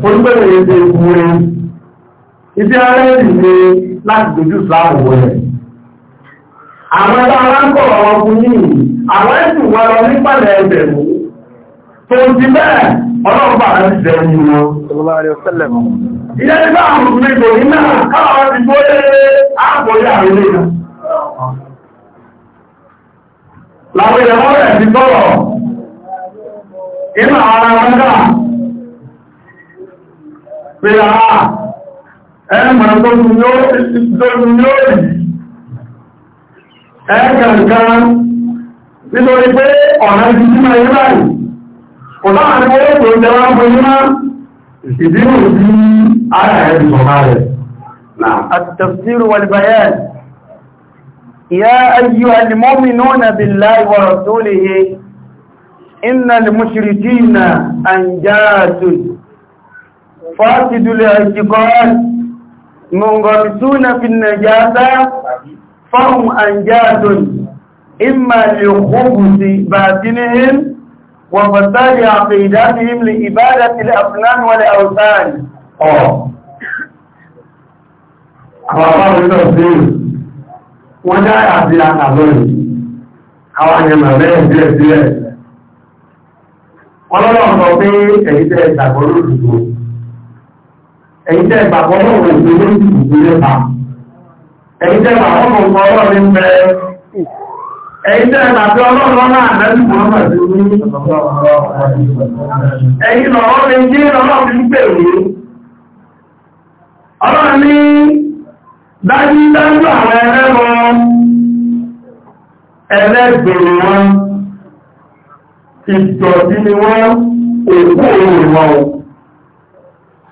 onígbẹ̀rẹ̀ ẹgbẹ́ ikú rẹ̀ ibi ara ìrìnlẹ̀ láti dojú ìsìláàmù rẹ̀ àwọn ẹgbẹ́ arákọ̀ ọkùnrin àwọn ẹ̀sùn wọn lọ nípàlẹ̀ ẹgbẹ̀rún tó ti bẹ́ẹ̀ ọlọ́pàá ti Ìlà ara rádà, pèlà ẹ̀mà tó ní ó rí, ẹ̀kẹ̀kẹ́ nítorí pé ọ̀nà ti sí máa yílá ì, kò láàrin owó tó jẹ́ wá fún yílá, ìdínú sí ara ẹ̀rù sọ̀rọ̀ rẹ̀. يا أيها المؤمنون بالله ورسوله inna al-mushrikina anjatun fasidul i'tiqad munghamisuna fi an-najasa fahum anjatun imma li-khubuthi batinihim wa fasadi aqidatihim li ibadati al-asnam wal awthan Wọ́n dára bí a àwọn ìmọ̀ mẹ́rin díẹ̀ díẹ̀ ọlọ́run sọ pé tẹ́ ìgbàgbọ́ lódodo ẹ̀yin tẹ́ ìgbàgbọ́ náà wò ló ló tẹ́ ìgbàgbọ́ tẹ́ ìgbàgbọ́ ìdọ̀tí ni wọ́n òkú òun ìwọ̀n o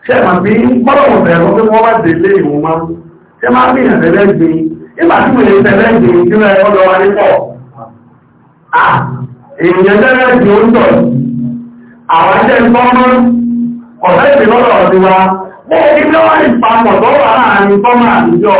ṣẹ́mà bí bọ́lọ̀wọ̀n bẹ̀rẹ̀ wọ́n wọ́n wá délé ìwọ̀n máa ṣẹ́mà bí ìrẹ̀lẹ́ gbé nígbà tí mo lè tẹ̀lẹ́ gbé ìjírẹ̀ ọlọ́ wa nípọ̀ èèyàn tẹ́lẹ̀ tí ó ń tọ̀ àwọn jẹ́ gbọ́mọ́ ọ̀fẹ́ ìpínlọ́dọ̀ ọ̀dún wa bẹ́ẹ̀ ni lọ́wọ́ ìpapọ̀ tó wà láàrin fọ́mà àtijọ́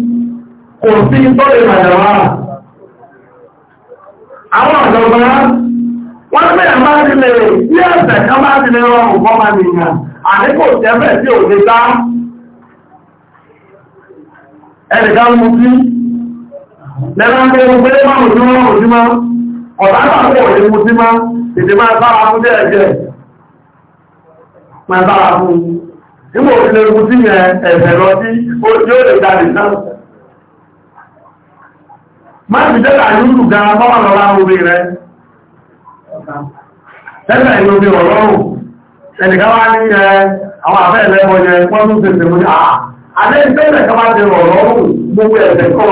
kò sí tọ́lẹ̀ padàwà àwọn ọ̀dọ̀gbà wọ́n tẹ́ àmá ti lè tí ẹ̀sẹ̀ kan bá ti lè rọrùn kọ́ máa nìyàn àníkò tẹ́fẹ́ sí òde tá ẹ̀rẹ̀dá mú sí lẹ́láńgbẹ̀rún pẹ́lẹ́ máa òjú sí ẹ̀ẹ̀fẹ̀ lọ sí ojú àbìdẹ́là yúrù gan mọ́wà lọ́la orí rẹ̀ tẹ́lẹ̀ ìlòmí ọ̀rọ̀rùn ẹnìkan wá ní ẹ àwọn àfẹ́ ẹlẹ́mọ̀ yẹ wọ́n tún tẹ̀sẹ̀ mú ní àà alẹ́ ìtẹ́lẹ̀ kan ti rọ̀rọ̀rùn gbogbo ẹ̀sẹ̀ kọ́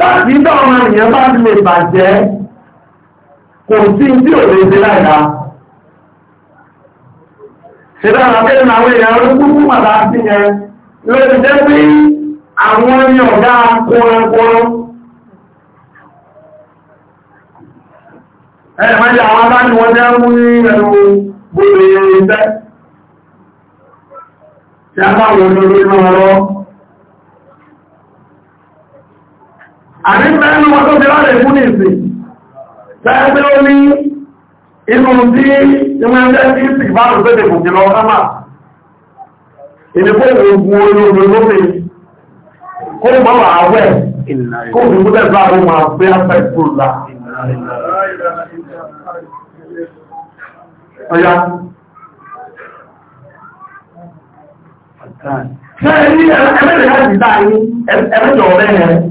Táàkì ìjọ ọmọ ènìyàn bá ti lè bàjẹ́, kò sí tí ò lè ṣe láìdá. Ṣèdá àbẹ́rẹ̀ àwọn èèyàn ló kúrú màdá sí yẹn, ló jẹ́ pé àwọn ní ọ̀gá kọrọkọrọ. Ẹ̀rẹ̀ jẹ́ mú ní ẹnu gbogbo a bá àní mẹ́rin wọn tó fẹ́ràn rẹ̀ fún ìsì tẹ́ẹ̀bẹ́ ó ní inú tí ìwọ̀n ẹgbẹ́ tí sì bá rẹ̀ fẹ́ dẹ̀kùn jùlọ ọ̀sánmà ìdíkò ogun olóògbé lópe kó mọ́ wà áwẹ̀ kó fi mú tẹ́sà àwọn máa gbé afẹ́ ìfúrùlá ọ̀yá ṣe ní ẹgbẹ́ ìdájí dáa ní ẹgbẹ́ ìjọ ọ̀rẹ́ rẹ̀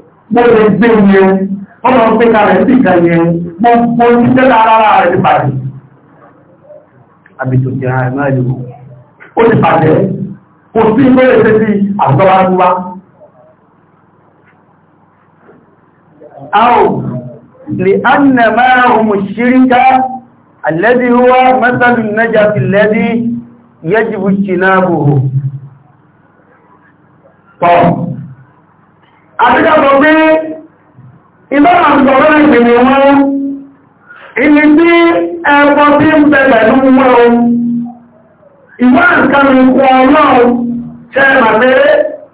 mo lè gbé yẹn wọ́n lọ pé kalẹ̀ sí ìkan yẹn gbogbo títẹ́ lára rẹ̀ ti bàjẹ́ àbìtòkè àìmọ́ ẹ̀lú ó ti bàjẹ́ kò sí ìgbélé ṣe sí àgbọ́lá wá أو لأن معهم الشركة الذي هو مثل النجف الذي يجب اجتنابه طب àtíkàtọ̀ pé ìlọ́nà ìgbọ̀rọ̀ ìgbìmọ̀ wọn ilé tí ẹ̀kọ́ tí ń bẹ̀rẹ̀ ló ń wọ́n ìwọ́n nǹkan ìkú ọlọ́run ṣe màbẹ́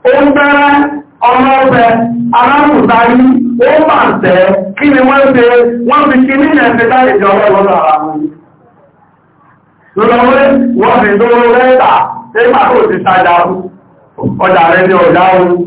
oúnjẹ́rẹ́ ọlọ́ọ̀fẹ́ alákùntarí ó bà tẹ́ kí ni wọ́n ṣe wọ́n fi kí ní ẹ̀fẹ́ láì jọ ọlọ́rọ̀ ara wọn lọ́wọ́ wọ́n fi tó rẹ́ta tí pàtó ti tajà ọjà rẹ̀ ní ọjà oòrùn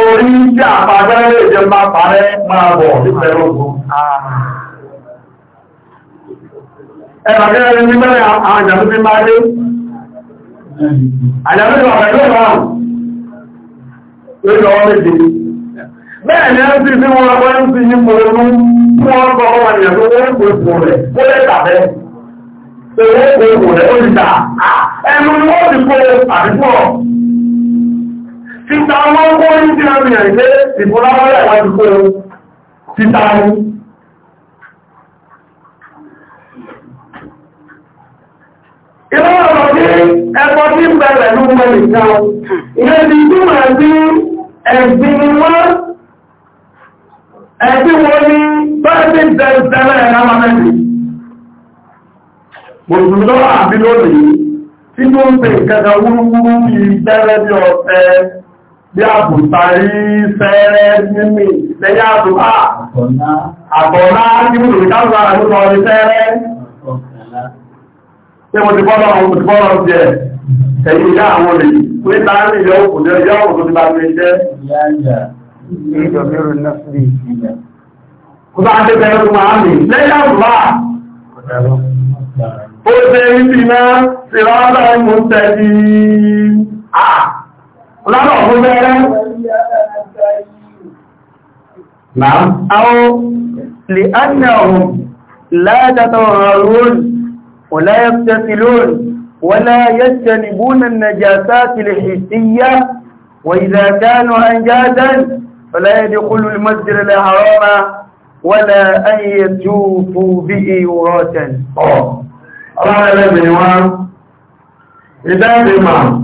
Orí tí àpàgẹ́rẹ́ lè jẹ máa parẹ́ máa bọ̀ nípẹ̀lú ogun. Ẹgbàgẹ́rẹ́ ní mẹ́rin àwọn àjàmú ti máa dé. Àjàmú ti ọ̀pẹ̀ lóòrùn àrùn. Lórí ọwọ́ méje. Bẹ́ẹ̀ ni ẹ́ sì sí wọn ọgbọ́n ń sí ní mọ̀ọ́nú fún ọgbọ́n ọmọ ìyàn tó wọ́n kò ìpò rẹ̀ kó lè tàbẹ́. Owó kò ìpò rẹ̀ ó ti tà. Ẹnu ni wọ́n ti kó àdúgbò Títa wọ́n kó ní tí a mìíràn pé ìfúnláwọ́lẹ̀ wọ́n ti kó títa ní. Ilé ọ̀rọ̀ tí ẹgbọ́ tí bẹ̀rẹ̀ ló mọ́ nìkan, ìyẹ́ ti túnmà sí ẹ̀sìn wọ́n, ẹ̀sìn wọ́n ní bẹ́ẹ̀sì tẹ́lẹ̀ tí ń pè kẹta wúrúwúrú ọ̀fẹ́ bí àbùta ìfẹ́rẹ́ mímí lẹ́yà àbùta àbọ̀lá tí mú lòrì káàkiri àrùn lọ rí fẹ́rẹ́ tí mo ti bọ́lọ̀ mo ti bọ́lọ̀ jẹ ẹ̀yìn ìyá àwọn olè pé ta ní ìyọ́ òkùnjẹ ìyọ́ òkùnjẹ bá ti jẹ́ Kò bá ń tẹ́tẹ́ ẹ̀rọ máa mì lẹ́yà àbùta. Ó ṣe ibi náà, ṣe rọ́lọ́ mú tẹ́lì. Ah! نعم او لانهم لا يتطهرون ولا يغتسلون ولا يجتنبون النجاسات الحسيه واذا كانوا انجادا فلا يدخل المسجد حراما ولا ان يجوفوا به وراثا الله لا بنوام اذا بنوام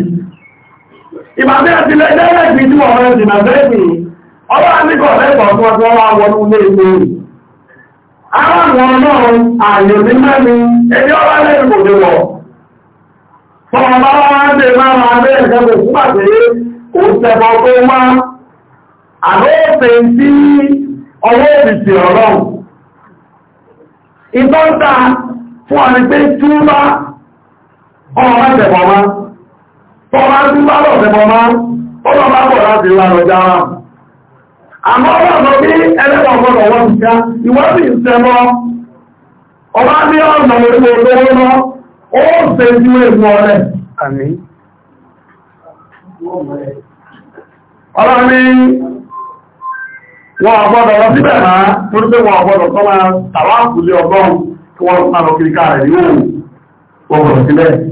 ìbàbẹ́ àti lẹ́gbẹ̀ẹ́ tí wọ́n rẹ̀ sí ìbàbẹ́ ní ọwọ́ àníkọ̀ lẹ́kọ̀ọ́ tí wọ́n wá wọnú ilé ìlú àwọn ọlọ́run àyè ní mẹ́rin ẹni ọwọ́ lẹ́yìn kò dé wọ̀ fọ́nà bá wá ń dè máa máa bẹ́ẹ̀ kẹ́kọ̀ọ́ fún pàdé kò tẹ̀kọ̀ tó wá àlóòfẹ́ tí ọwọ́ òfìsì ọ̀rọ̀ ìbọ́ta fún àrígbé túnbá ọmọ mẹ́tẹ̀kọ̀ máa Bọ́lá tí bá lọ sí bọ́ máa, ó lọ bá bọ̀ láti lánà jára. Àmọ́ ọ̀nà bí ẹlẹ́wọ̀n gbọ́dọ̀ ọrụ ọrụ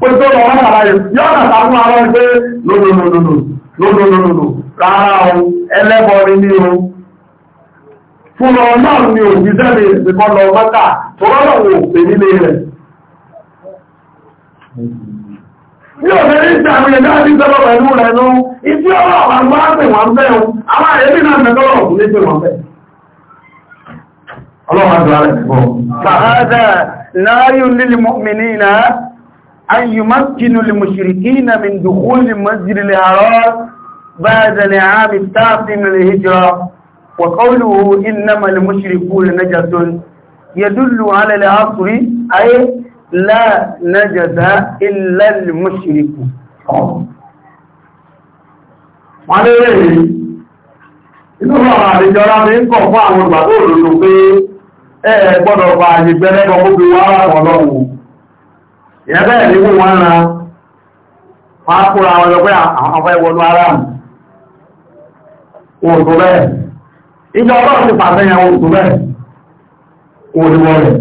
pẹ̀lú ọmọ wọn àlàyé yọ́ nà sàmú àwọn ẹgbẹ́ lónìí rárá o ẹlẹ́bọ ní o fún lọ náà ni ò ní sẹ́lẹ̀ ìsìnkọ́ lọ mọ́ta tó rọ́lọ̀ wò pè nílé rẹ̀ ní ẹ̀dá àti pẹ̀lú rẹ̀ ló ìfí أن يمكنوا المشركين من دخول المسجد الحرام بعد العام التاسع من الهجرة وقوله إنما المشركون نجس يدل على العصر أي لا نجس إلا المشرك Wàlẹ́rẹ́ inú ọ̀rọ̀ àríjọra mi ń kọ̀ fún àwọn ìgbàgbọ́ òlòlò pé ẹ̀ẹ̀ gbọ́dọ̀ bá àyè gbẹ́rẹ́ ọgbógbé wá ọlọ́run ìyẹn bẹ́ẹ̀ ní kó wọ́n ran wọ́n á kóra wọn lọ pé àwọn afẹ́ wọnú ara mù òòtò bẹ́ẹ̀ ìjọ ọlọ́run ti pàṣẹ yẹn òòtò bẹ́ẹ̀ òòdìwọ̀ rẹ̀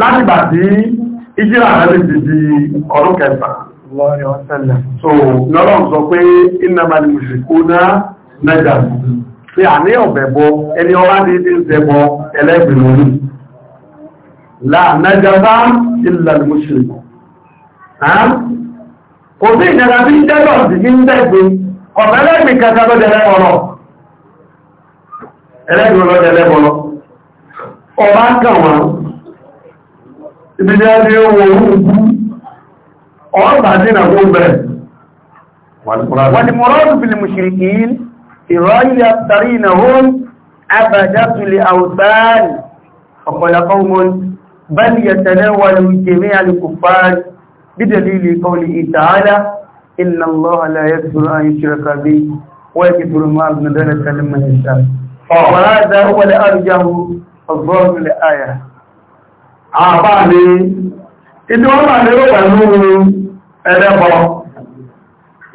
láti gbà tí ìjírà rẹ̀ ti di ọdún kẹta so lọ́rọ̀ sọ pé innamal mushrikuna najasun pé àní ọ̀bẹ̀ bọ ẹni ọlá ní ti ń ṣẹbọ ẹlẹ́gbẹ̀rún láàánájábá ìlàlùmọ́ṣìlì kò sí ìjẹta tí jẹ́lọ̀ sí ní tẹ́gbé ọ̀fẹ́lẹ́gbì kẹta ló jẹ́ lẹ́bọ̀lọ́ ẹlẹ́gbì ló jẹ́ lẹ́bọ̀lọ́ ọba kàwà ibi jẹ́ ní owó orúkú ọba sí nà kó bẹ̀rẹ̀ wàlìmọ̀rọ̀dù بل يتناول جميع الكفار بدليل قوله تعالى إن الله لا يغفر أن يشرك به ويغفر ما دون ذلك لمن يشاء وهذا هو الأرجح الظاهر الآية àbáàlé ìdí wọ́n máa lérò pẹ̀lú ẹlẹ́bọ̀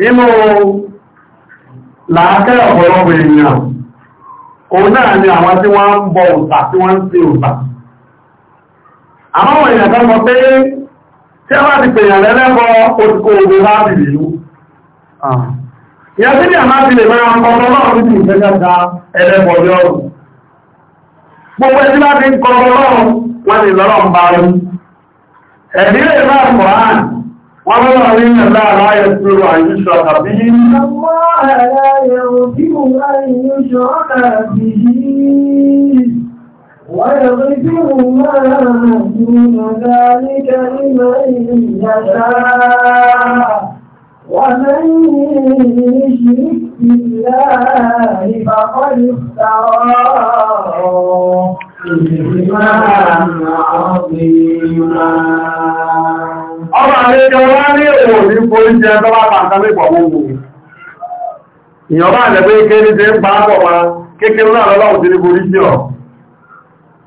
inú làákẹ́ ọ̀pọ̀lọpọ̀ èèyàn òun náà ni àwọn tí wọ́n ń bọ òǹtà tí wọ́n ń sí òǹtà àwọn èèyàn kan mọ̀ pé tí a bá ti pèèyàn lẹ́lẹ́bọ̀ òtùkò ògbò bá ti lè lú ah. ìyàtí ní àmá ti lè máa kọ̀ọ̀tọ̀ náà ní ti ìfẹ́ kẹta ẹlẹ́bọ̀ ní ọrùn gbogbo ẹjí bá ti kọ̀ọ̀tọ̀ náà wọ́n lè lọ́rọ̀ ń bá rí ẹ̀bí lè bá kọ̀ án wọ́n lọ́rọ̀ rí ní ẹ̀lá aláyẹ̀ ويغفر ما دون ذلك لمن يشاء ومن يشرك بالله فقد افترى إثما Ọba àrẹ́jọ wá ní òní forí jẹ pàtàkì àjẹ́gbé jẹ́ ń pa kékeré náà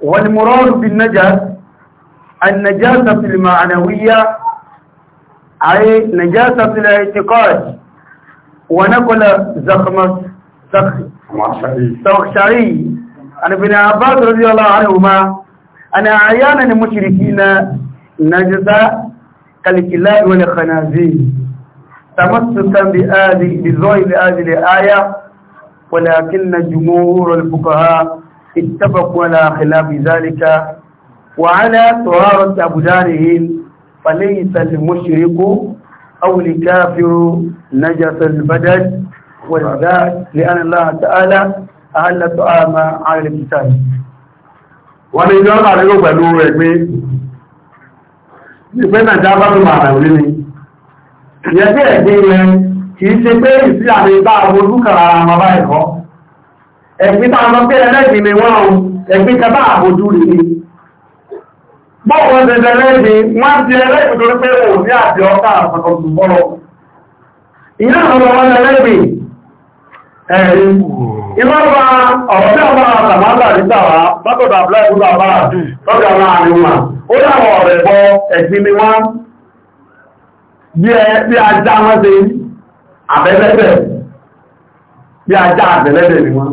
والمراد بالنجاس النجاسة المعنوية أي نجاسة الاعتقاد ونقل زخمة سخشعي عن ابن عباد رضي الله عنهما أن عيانا المشركين نجسة كالكلاب والخنازير تمسكا بهذه هذه الآية ولكن جمهور الفقهاء اتفقوا على خلاف ذلك وعلى طهارة أبدانهم فليس المشرك أو الكافر نجس البدن والذات لأن الله تعالى أهل طعام على الكتاب wọ́n ni yọ́nà rẹ̀ yóò pẹ̀lú rẹ̀ pé ìpé nàìjíríà bá tó máa rẹ̀ orí ni ìyẹ́ bí ẹ̀gbẹ́ rẹ̀ kìí ṣe pé ìsí àmì ìbá àwọn olúkàrà àwọn ọba ẹ̀kọ́ ẹ̀gbí tá a lọ pé ẹlẹ́gbìn ni wọ́n ohun ẹ̀gbí kẹta àbójú rí ní bọ́ọ̀wọ́ ṣẹ̀ṣẹ̀ lẹ́gbìn wọ́n ti ẹlẹ́gbìn tó pé òun ní àti ọkà àpapọ̀tù bọ́rọ̀ ìyá àwọn ọmọ ẹlẹ́gbìn ẹ̀rí ìlọ́pàá ọ̀rọ̀ tí àwọn àtàmátà rí tàwà látọ̀dọ̀ àbúlá ìbúdó àbára wọ́n ṣe àbẹ́lẹ́bẹ̀ bí ajá àbẹ́lẹ́bẹ̀ ni wọ́n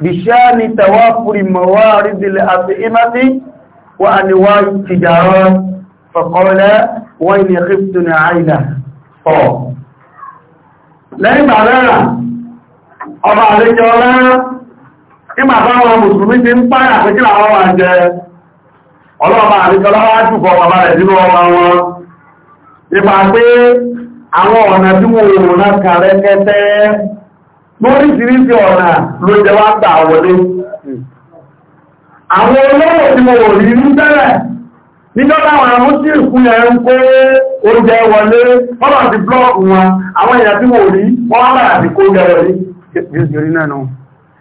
بشان توافر موارد الأطعمة وأنواع التجارات فقال وإن خفتنا عينه طب لما علينا ọba àlejò Na ìmà báwọn mùsùlùmí ti ń páyà pé kí làwọn wà jẹ ọlọ́ọ̀bá àlejò ọlá wájú kọ bàbá rẹ̀ nínú ọmọ wọn nípa pé àwọn ọ̀nà tí wọ́n na náà kàrẹ́kẹ́tẹ́ lóríṣiríṣi ọ̀nà ló jẹ wá gbà wọlé àwọn olówó tí mo wò rí ní tẹ́lẹ̀ nígbàtà àwọn àwọn tí ìkún ẹ̀ ń kó oúnjẹ wọlé ti blọ́ọ̀kù wọn àwọn èèyàn tí mo rí wọ́n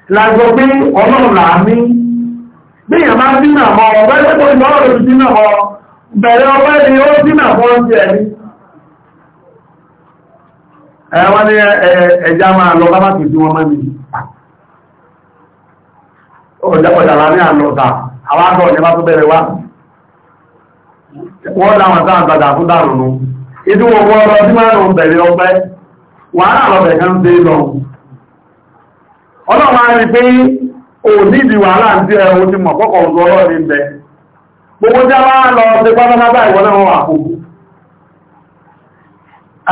bàrà sí pé ọlọ́run bí ẹwọ́n ní ẹja máa lọ bá bá tó jí wọn mọ́ ní ọ̀dẹ́kọ̀dàrà ní àlọ́ta àwọn akọ̀ ọ̀dẹ́bá tó bẹ̀rẹ̀ wá wọ́n láwọn tán àgbàdà fún dàrùnú ìdí owó ọrọ̀ tí máa rùn bẹ̀rẹ̀ ọgbẹ́ wàhálà lọ́bẹ̀ kan dé lọ rí pé o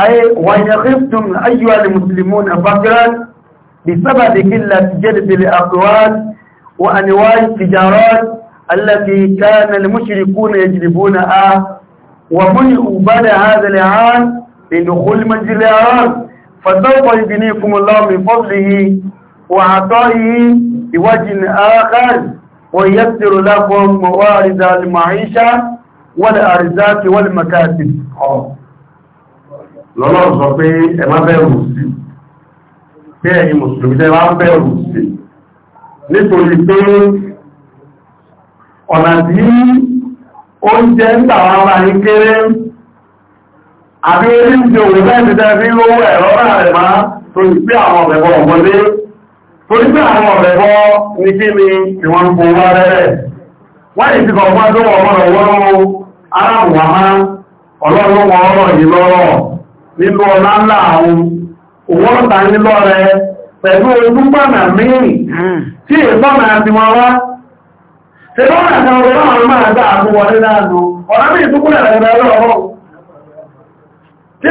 أي وإن خفتم أيها المسلمون فقرا بسبب قلة جلب الأقوال وأنواع التجارات التي كان المشركون يجلبونها ومنعوا بعد هذا العام لدخول مسجد الحرام فسوف يبنيكم الله من فضله وعطائه بوجه آخر ويسر لكم موارد المعيشة والأرزاق والمكاسب. lọ́nà sọ pé ẹ má bẹ̀rù sí pé ẹ̀yin mùsùlùmí tẹ́ má bẹ̀rù sí nítorí pé ọ̀nà tí oúnjẹ ń tàwọn ọmọ yìí kéré àbí òun bẹ́ẹ̀ ti tẹ́ lówó ẹ̀rọ torí pé àwọn nínú ọlá ńlá àwọn òwò ọ̀tà rẹ pẹ̀lú ojúgbọ́nà mìíràn hmm. tí ìfọ́nà àti wọn wá tí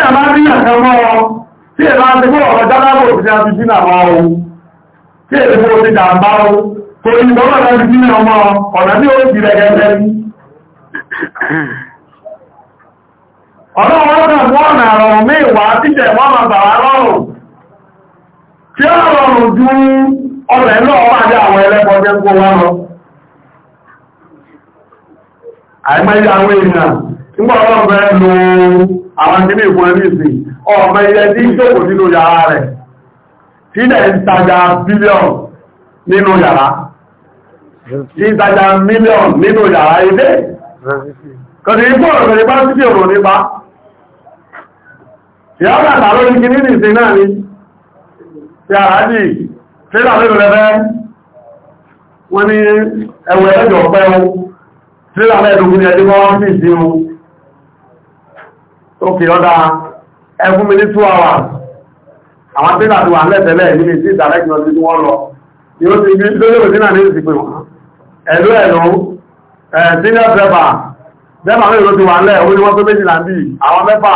a máa rí tí è ti ọ̀rọ̀ jálábò tí a ti sí wá ohun tí èdè fún oṣù jàmbá ó torí ìgbọ́nà láti sí náà ọmọ ọ̀nà tí ó ọlọ́wọ́dà wọ́n nà rọrùn mẹ́wàá títẹ̀ wọ́n ma bàwà rọrùn tí ó rọrùn ju ọlẹ̀ náà wà ní àwọn ẹlẹ́pọ̀jẹ́ kó wá lọ àwọn èèyàn nígbà ọlọ́run fẹ́ àwọn ìfún ìsìn ọmọ ilẹ̀ ní nínú yàrá rẹ̀ tí ilẹ̀ ń tajà bílíọ̀n nínú yàrá tí ìtajà mílíọ̀n nínú yàrá ilé ìgbọ́ ọ̀rọ̀ nípa ìyáwó àtàrà ní kí nínú ìsin náà ni ti àrájì tíra lórí rẹ̀ wọ́n ní ẹwẹ̀ ẹjọ́ pẹ́ o tíra lẹ́ẹ̀dógún ni ẹjọ́ wọ́n sì sí o ó kì ọ́dá ẹkún mi ní 2 hours àwọn tíra ti wà lẹ́tẹ̀lẹ̀ nínú sí ìdàrẹ́kì lọ sí tí wọ́n lọ ni ó ti bí lórí sínà ní ìsìnkú wọn ẹ̀lú ẹ̀lú senior driver driver mẹ́rin ló ti wà lẹ́ orí wọ́n tó méjìlá bí àwọn mẹ́fà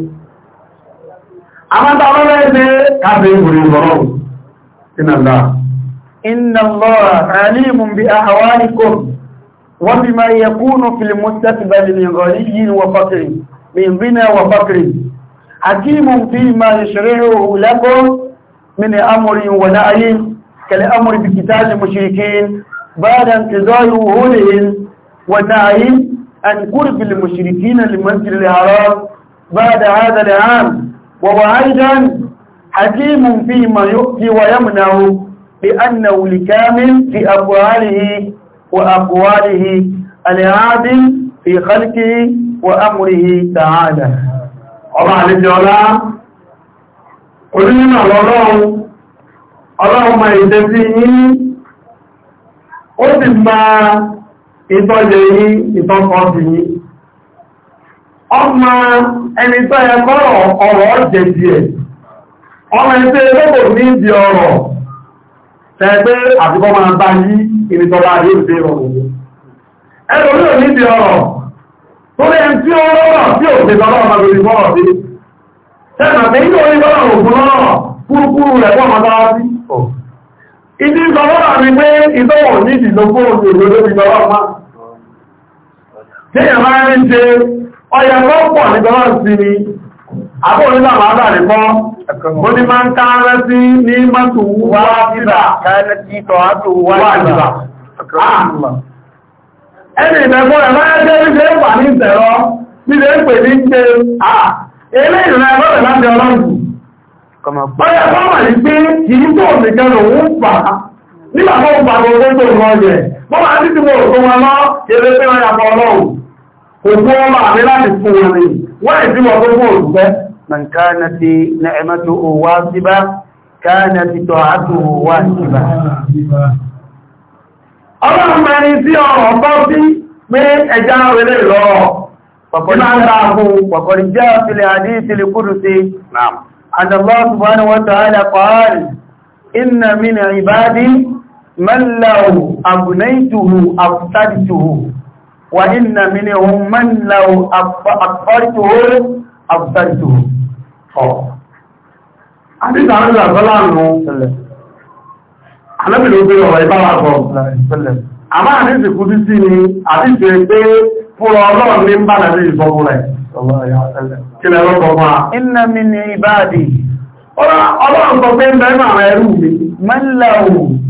àmọ́ta ọlọ́lẹ́gbẹ́ káàkiri ìwòrán ìwòrán iná ńlá inna Allaha alimun bi ahwalikum wa bima yakunu fil mustaqbal min ghaniyin wa faqirin min ghina wa faqirin hakimun fima yushri'uhu lakum min amrin wa nahyin kal amri bi qitali mushrikin ba'da intizahi wuhulihim wa nahyin an qurbil mushrikin lil masjidil haram ba'da hadha al-'am وأيضا حكيم فيما يؤتي ويمنع لأنه الكامل في أفعاله وأقواله العادل في خلقه وأمره تعالى الله عليك ولا قلنا الله اللهم يجزيه قد ما يتجيه يتقاضيه ọmọ ẹni tó yẹ kọ́rọ̀ ọ̀rọ̀ jẹ̀bi ọmọ ẹni tó yẹ lọ́bọ̀ ní ibi ọ̀rọ̀ tẹ́gbẹ́ àtìkọ́ máa bá yí ìrìntọ́lá ayé ìfẹ́ ọ̀rọ̀ ẹ̀rọ ní ibi ọ̀rọ̀ ọrụ ọrụ ọrụ ọyẹ mọ́ pọ̀ ní tọ́lọ́ sí ni àbọ̀ nígbà máa bà ní fọ́n ó ní máa ń káàrẹ́ sí ní mọ́tò wá bíbà ah. ẹni ìmẹ́gbọ́ rẹ̀ máa jẹ́ ní ìtẹ̀rọ pè ní ṣe ah. ilé ìrìnà ẹgbọ́ rẹ̀ láti ọlọ́rùn wà ní pé kìí tó fà nígbà tó ń pa gbogbo tó ń rọ yẹ òkú ọmọ àmì láti fún orin wọ́n ìdíwọ̀ tó fún òṣùgbẹ́ man káàna ti na ẹmẹ́tò òwá síbá káàna ti tọ́ àtò òwá síbá ọlọ́run mẹ́rin tí ọ̀rọ̀ bọ́ sí pé ẹja rere lọ pọ̀kọ̀lì jẹ́ وإن منهم من لو أكفرته أكفرته Àdí ìdára ìlà sọ́lá nù alábìlú bí ọ̀rọ̀ ìbára sọ. Àmá àdí ìsìnkú tí sí ni àdí ìṣe pé fúnra ọlọ́run ní bá nàbí ìsọ́kún rẹ̀.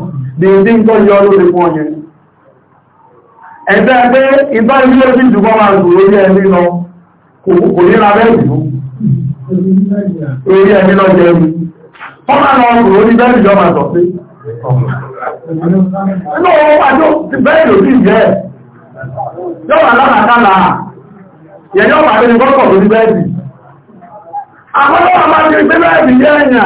Di ndi tọ́jú ọlọ́rin fún ọyẹn ẹ̀bẹ́ pé ìbá ilé ojú ihe máa rù orí ndị ndị kò ní lábẹ́ ìlú orí ndị ndị jẹ́ ẹni wọ́n máa lọ rù orí bẹ́ẹ̀ ìjọ máa sọ pé inú owó pàtó ti bẹ́ẹ̀ ló sì jẹ́ yọ́wà lánàkálà yẹ̀yọ́ pàtó ní kọ́kọ̀ lórí bẹ́ẹ̀dì àwọn ọmọ ndị ìgbé bẹ́ẹ̀dì jẹ́ ẹ̀yà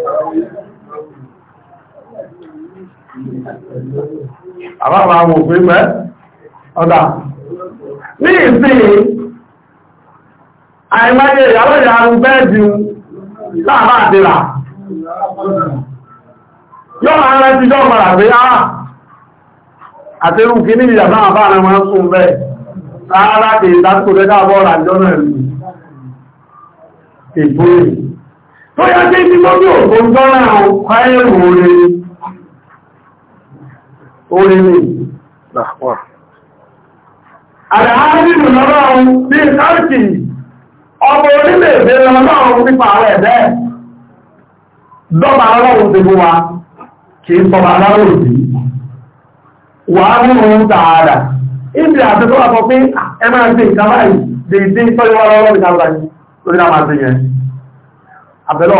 àbáwà àwọn òfin pẹ́ ọ̀dà ní ìsìn àìmáyé ìyàwó ìyàrùn bẹ́ẹ̀dì láàbá àdìrà yọ́ máa rẹ̀ ti jọ́ mọ̀rà pé á ah, àtẹ́rù kí ní ìyàbá àbá rẹ̀ máa sùn bẹ́ẹ̀ sáárá kì í dákò rẹ̀ dábọ́ rà jọ́nà ìlú ìbúrẹ̀ tó yá sí ní mọ́bí òkú jọ́nà ọ̀pá ẹ̀rù orí ní ìgbàpọ̀. Àdáhájìdù lọ́rọ̀un bí káàkì ọmọ orílẹ̀-èdè lọ́rọ̀un nípa rẹ̀ bẹ́ẹ̀. Dọ́bà lọ́rọ̀un ti bú wa kì í sọba lọ́rọ̀ sí. Wà á mú oun tààrà. Ibi àti tó pé ẹ máa ń báyìí, lọ́rọ̀ ìta lórí náà máa ń yẹn. Àbẹ̀lọ́